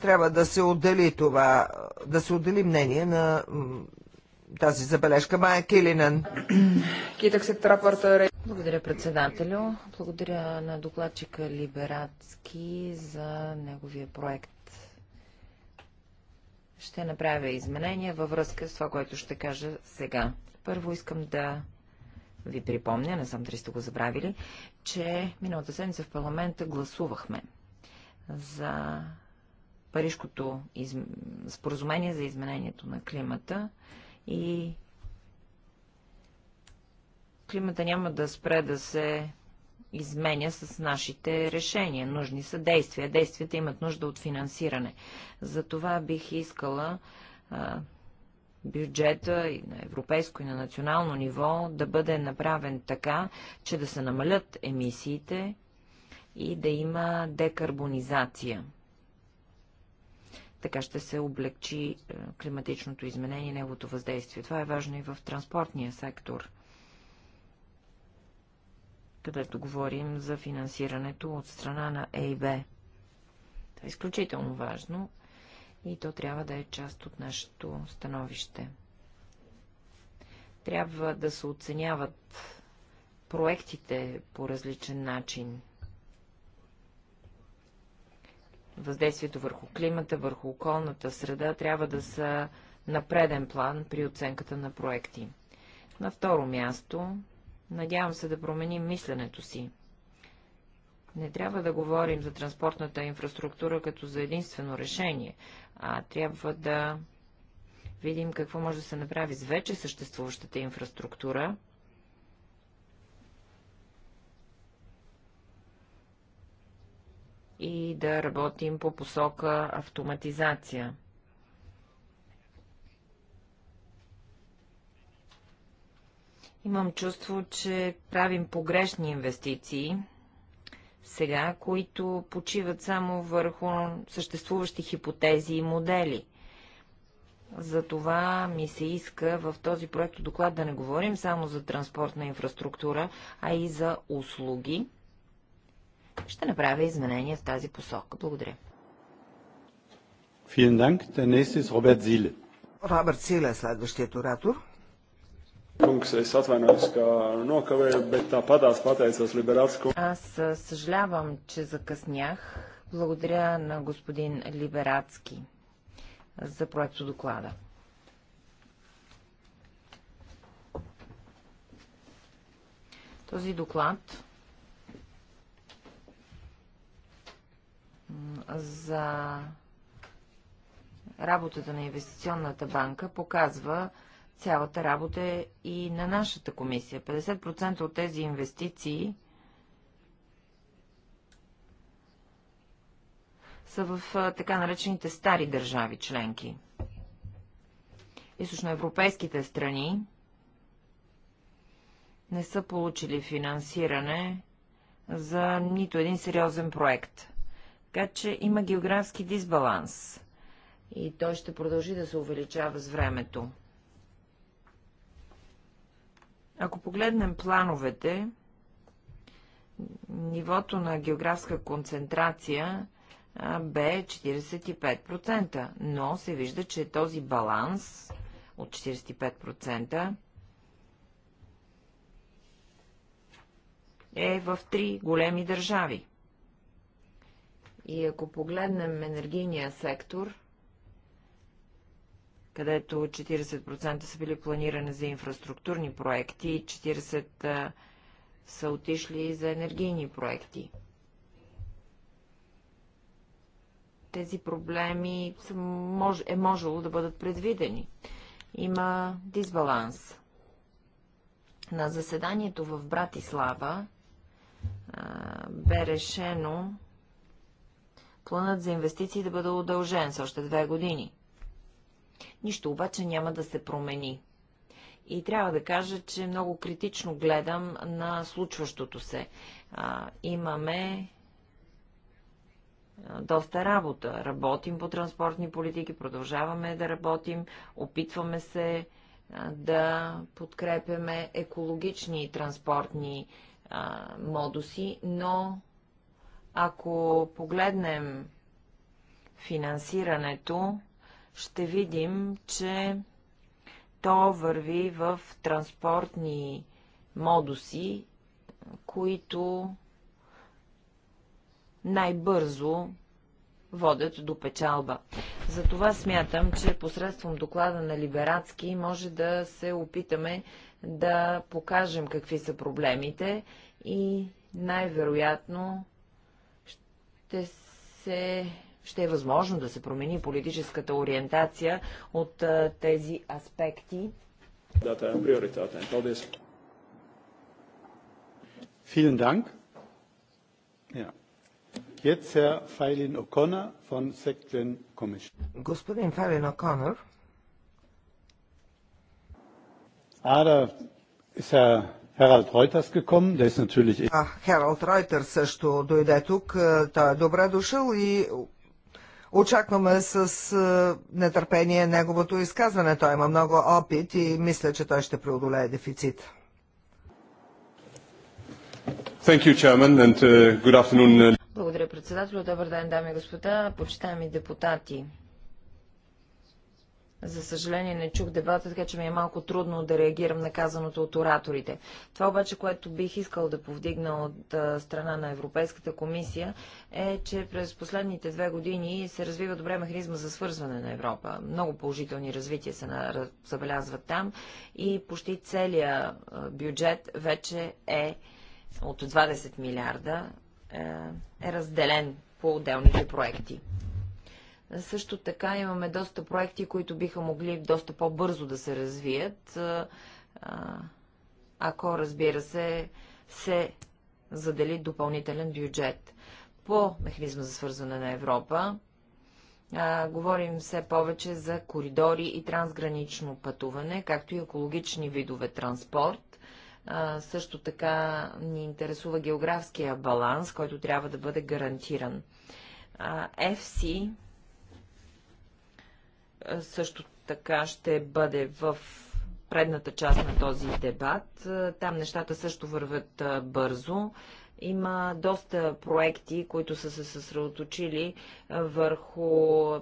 трябва да се отдели това, да се отдели мнение на тази забележка. Майя Килинен. Е- Благодаря, председателю. Благодаря на докладчика либератски за неговия проект. Ще направя изменения във връзка с това, което ще кажа сега. Първо искам да ви припомня, не съм сте го забравили, че миналата седмица в парламента гласувахме за Парижкото из... споразумение за изменението на климата и климата няма да спре да се изменя с нашите решения. Нужни са действия. Действията имат нужда от финансиране. Затова бих искала бюджета и на европейско и на национално ниво да бъде направен така, че да се намалят емисиите и да има декарбонизация. Така ще се облегчи е, климатичното изменение и неговото въздействие. Това е важно и в транспортния сектор, където говорим за финансирането от страна на ЕИБ. Това е изключително важно и то трябва да е част от нашето становище. Трябва да се оценяват проектите по различен начин. въздействието върху климата, върху околната среда трябва да са на преден план при оценката на проекти. На второ място, надявам се да променим мисленето си. Не трябва да говорим за транспортната инфраструктура като за единствено решение, а трябва да видим какво може да се направи с вече съществуващата инфраструктура, и да работим по посока автоматизация. Имам чувство, че правим погрешни инвестиции сега, които почиват само върху съществуващи хипотези и модели. Затова ми се иска в този проект доклад да не говорим само за транспортна инфраструктура, а и за услуги, ще направя изменения в тази посока. Благодаря. Роберт Зиле. Роберт Зиле е следващият оратор. Аз съжалявам, че закъснях. Благодаря на господин Либерацки за проекто доклада. Този доклад за работата на инвестиционната банка показва цялата работа и на нашата комисия. 50% от тези инвестиции са в така наречените стари държави членки. Източноевропейските страни не са получили финансиране за нито един сериозен проект. Така че има географски дисбаланс и той ще продължи да се увеличава с времето. Ако погледнем плановете, нивото на географска концентрация бе 45%, но се вижда, че този баланс от 45% е в три големи държави. И ако погледнем енергийния сектор, където 40% са били планирани за инфраструктурни проекти и 40% са отишли за енергийни проекти. Тези проблеми е можело да бъдат предвидени. Има дисбаланс. На заседанието в Братислава бе решено планът за инвестиции да бъде удължен с още две години. Нищо обаче няма да се промени. И трябва да кажа, че много критично гледам на случващото се. А, имаме доста работа. Работим по транспортни политики, продължаваме да работим, опитваме се да подкрепяме екологични транспортни а, модуси, но ако погледнем финансирането, ще видим, че то върви в транспортни модуси, които най-бързо водят до печалба. Затова смятам, че посредством доклада на Либерацки може да се опитаме да покажем какви са проблемите и най-вероятно ще се ще е възможно да се промени политическата ориентация от а, тези аспекти. Да, това е приоритет. Paldies. Е Vielen Dank. Ja. Jetzt Herr Feilin O'Connor von Sectlen Commission. Господин Файлин О'Конър. Ада, Харалд Ройтърс gekommen, der ist natürlich... А, Харалд Ройтер също дойде тук. Той е добре дошъл и Очакваме с нетърпение неговото изказване. Той има много опит и мисля, че той ще преодолее дефицит. Uh, uh, Благодаря, председател. Добър ден, дами и господа, почитаеми депутати. За съжаление не чух дебата, така че ми е малко трудно да реагирам на казаното от ораторите. Това обаче, което бих искал да повдигна от страна на Европейската комисия, е, че през последните две години се развива добре механизма за свързване на Европа. Много положителни развития се забелязват там и почти целият бюджет вече е от 20 милиарда е, е разделен по отделните проекти. Също така имаме доста проекти, които биха могли доста по-бързо да се развият, ако, разбира се, се задели допълнителен бюджет. По механизма за свързване на Европа а, говорим все повече за коридори и трансгранично пътуване, както и екологични видове транспорт. А, също така ни интересува географския баланс, който трябва да бъде гарантиран. А, FC е, също така ще бъде в предната част на този дебат. Е, там нещата също върват е, бързо. Има доста проекти, които са се съсредоточили върху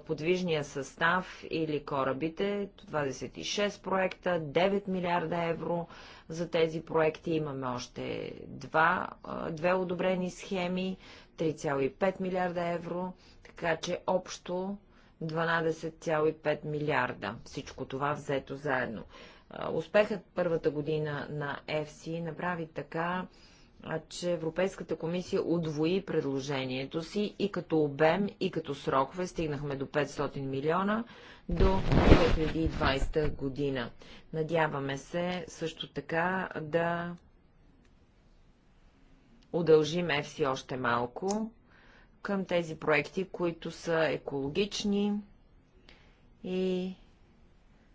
подвижния състав или корабите. 26 проекта, 9 милиарда евро за тези проекти. Имаме още два, две одобрени схеми, 3,5 милиарда евро. Така че общо 12,5 милиарда. Всичко това взето заедно. Успехът първата година на ЕФСИ направи така, че Европейската комисия удвои предложението си и като обем, и като срокове. Стигнахме до 500 милиона до 2020 година. Надяваме се също така да удължим ЕФСИ още малко към тези проекти, които са екологични и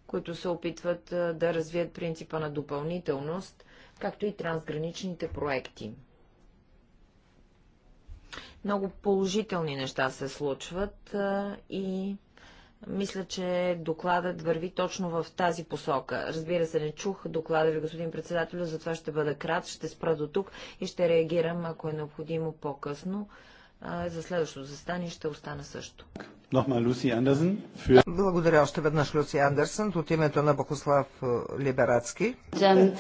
които се опитват да развият принципа на допълнителност, както и трансграничните проекти. Много положителни неща се случват и мисля, че докладът върви точно в тази посока. Разбира се, не чух доклада ви, господин председател, затова ще бъда крат, ще спра до тук и ще реагирам, ако е необходимо, по-късно. За следващото застание ще остана също. Благодаря още веднъж Люси Андерсън от името на Бокослав е, Либерацки.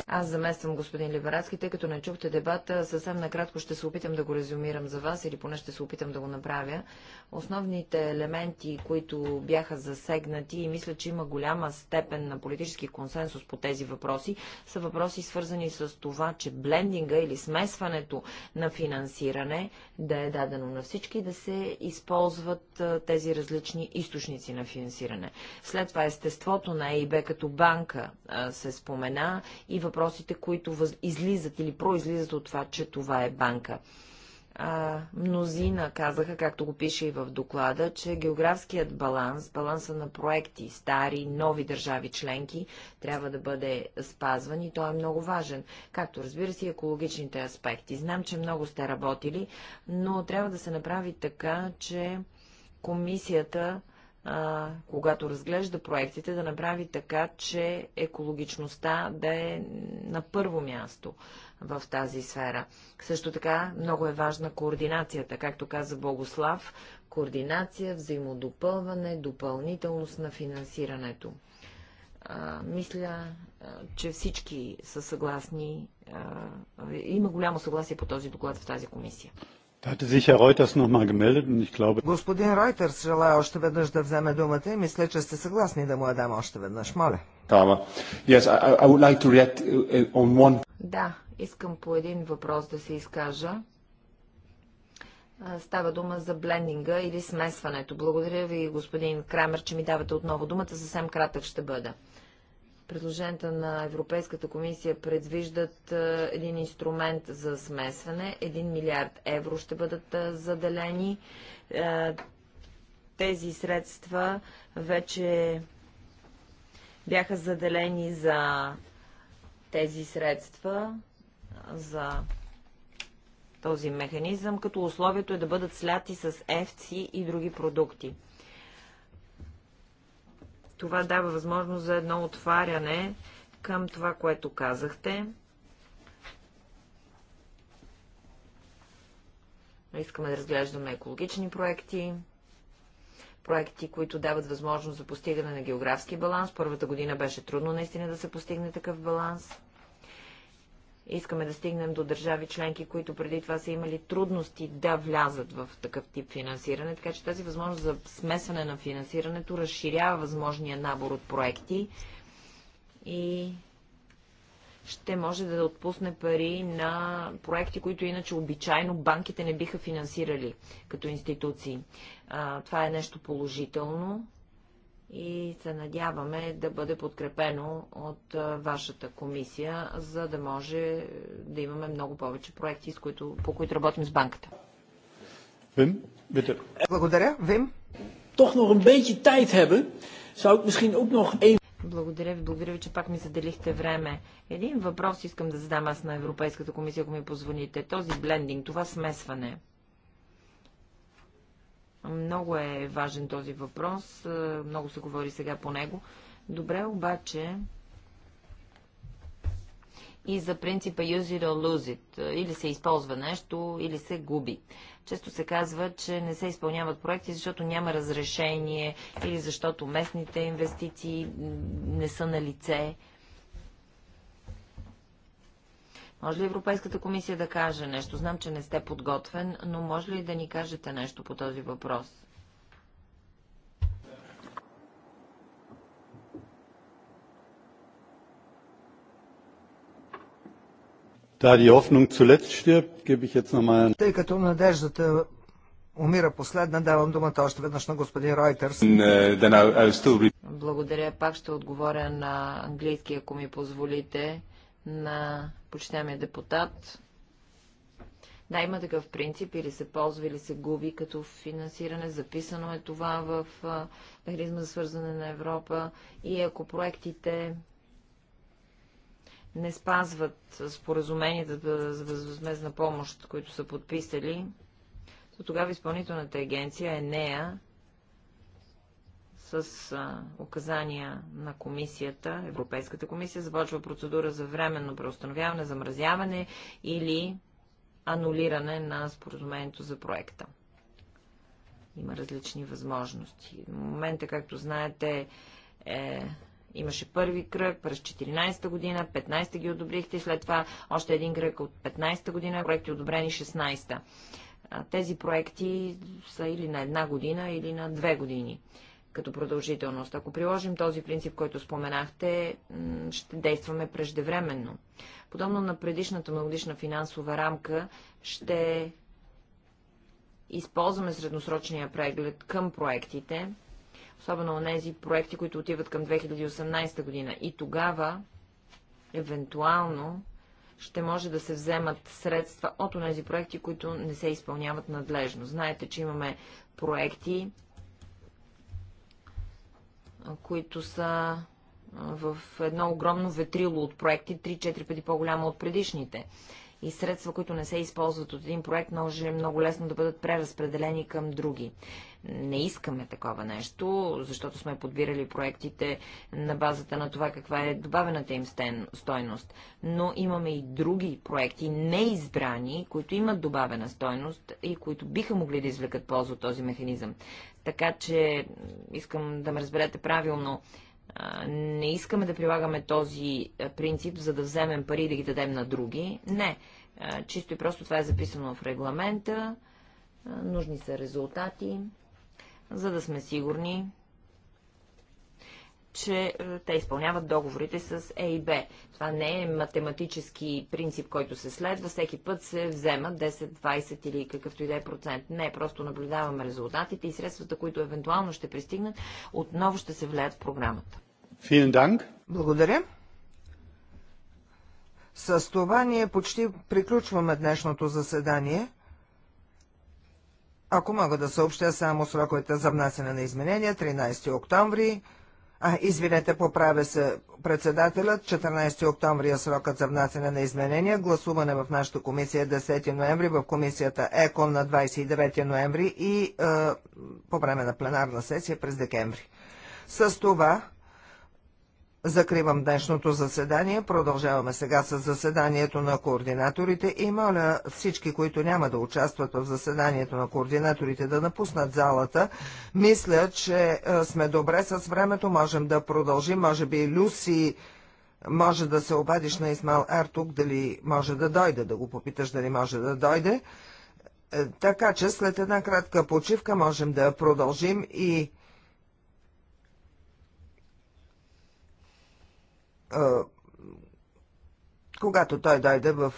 Аз замествам господин Либерацки, тъй като не чухте дебата, съвсем накратко ще се опитам да го резюмирам за вас или поне ще се опитам да го направя. Основните елементи, които бяха засегнати и мисля, че има голяма степен на политически консенсус по тези въпроси, са въпроси свързани с това, че блендинга или смесването на финансиране да е дадено на всички, да се използват тези различни източници на финансиране. След това естеството на ЕИБ като банка се спомена и въпросите, които излизат или произлизат от това, че това е банка. А, мнозина казаха, както го пише и в доклада, че географският баланс, баланса на проекти, стари, нови държави членки, трябва да бъде спазван и той е много важен. Както разбира се и екологичните аспекти. Знам, че много сте работили, но трябва да се направи така, че комисията а, когато разглежда проектите, да направи така, че екологичността да е на първо място в тази сфера. Също така много е важна координацията, както каза Богослав, координация, взаимодопълване, допълнителност на финансирането. А, мисля, че всички са съгласни. А, има голямо съгласие по този доклад в тази комисия. Господин Ройтерс желая още веднъж да вземе думата и мисля, че сте съгласни да му я дам още веднъж. Моля. Yes, I, I like uh, one... Да, искам по един въпрос да се изкажа. Става дума за блендинга или смесването. Благодаря ви, господин Крамер, че ми давате отново думата. Съвсем кратък ще бъда. Предложенията на Европейската комисия предвиждат един инструмент за смесване. Един милиард евро ще бъдат заделени. Тези средства вече бяха заделени за тези средства за този механизъм, като условието е да бъдат сляти с FC и други продукти. Това дава възможност за едно отваряне към това, което казахте. Искаме да разглеждаме екологични проекти, проекти, които дават възможност за постигане на географски баланс. Първата година беше трудно наистина да се постигне такъв баланс. Искаме да стигнем до държави членки, които преди това са имали трудности да влязат в такъв тип финансиране, така че тази възможност за смесване на финансирането разширява възможния набор от проекти и ще може да отпусне пари на проекти, които иначе обичайно банките не биха финансирали като институции. това е нещо положително и се надяваме да бъде подкрепено от вашата комисия, за да може е, да имаме много повече проекти, с които, по които работим с банката. Вим, bitte. Благодаря, Вим. Тох nog een beetje tijd hebben, zou ik misschien ook nog een... Благодаря ви, благодаря ви, че пак ми заделихте време. Един въпрос искам да задам аз на Европейската комисия, ако ми позвоните. Този блендинг, това смесване – много е важен този въпрос, е, много се говори сега по него. Добре, обаче и за принципа use it or lose it. Е, или се използва нещо, или се губи. Често се казва, че не се изпълняват проекти, защото няма разрешение или защото местните инвестиции не са на лице. Може ли Европейската комисия да каже нещо? Знам, че не сте подготвен, но може ли да ни кажете нещо по този въпрос? Тъй като надеждата умира последна, давам думата още веднъж на господин Ройтерс. Uh, Благодаря, пак ще отговоря на английски, ако ми позволите на почитамия депутат. Да, има такъв принцип, или се ползва, или се губи като финансиране. Записано е това в механизма за свързване на Европа. И ако проектите не спазват споразуменията за безвъзмезна помощ, които са подписали, то тогава изпълнителната агенция, ЕНЕА, с а, указания на комисията, Европейската комисия, започва процедура за временно преустановяване, замразяване или анулиране на споразумението за проекта. Има различни възможности. В момента, както знаете, е, имаше първи кръг през 14-та година, 15-та ги одобрихте, след това още един кръг от 15-та година, проекти одобрени 16-та. Тези проекти са или на една година, или на две години като продължителност. Ако приложим този принцип, който споменахте, ще действаме преждевременно. Подобно на предишната мелодична финансова рамка, ще използваме средносрочния преглед към проектите, особено на тези проекти, които отиват към 2018 година. И тогава, евентуално, ще може да се вземат средства от тези проекти, които не се изпълняват надлежно. Знаете, че имаме проекти, които са в едно огромно ветрило от проекти, 3-4 пъти по-голямо от предишните. И средства, които не се използват от един проект, може много лесно да бъдат преразпределени към други. Не искаме такова нещо, защото сме подбирали проектите на базата на това каква е добавената им стойност. Но имаме и други проекти, неизбрани, които имат добавена стойност и които биха могли да извлекат полза от този механизъм. Така че искам да ме разберете правилно. Не искаме да прилагаме този принцип, за да вземем пари и да ги дадем на други. Не. Чисто и просто това е записано в регламента. Нужни са резултати, за да сме сигурни, че е, те изпълняват договорите с Е и Б. Това не е математически принцип, който се следва. Всеки път се взема 10, 20 или какъвто и да е процент. Не, просто наблюдаваме резултатите и средствата, които евентуално ще пристигнат, отново ще се влеят в програмата. Благодаря. С това ние почти приключваме днешното заседание. Ако мога да съобщя само сроковете за внасяне на изменения, 13 октомври, а, извинете, поправя се председателят. 14 октомври е срокът за внасяне на изменения. Гласуване в нашата комисия 10 е ноември, в комисията ЕКОН на 29 ноември и е, по време на пленарна сесия през декември. С това Закривам днешното заседание. Продължаваме сега с заседанието на координаторите и моля всички, които няма да участват в заседанието на координаторите, да напуснат залата. Мисля, че е, сме добре с времето, можем да продължим. Може би Люси може да се обадиш на Исмал Артук, дали може да дойде, да го попиташ дали може да дойде. Е, така че след една кратка почивка можем да продължим и когато той дойде в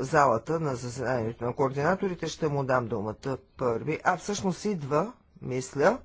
залата на заседанието на координаторите, ще му дам думата първи. А всъщност идва, мисля,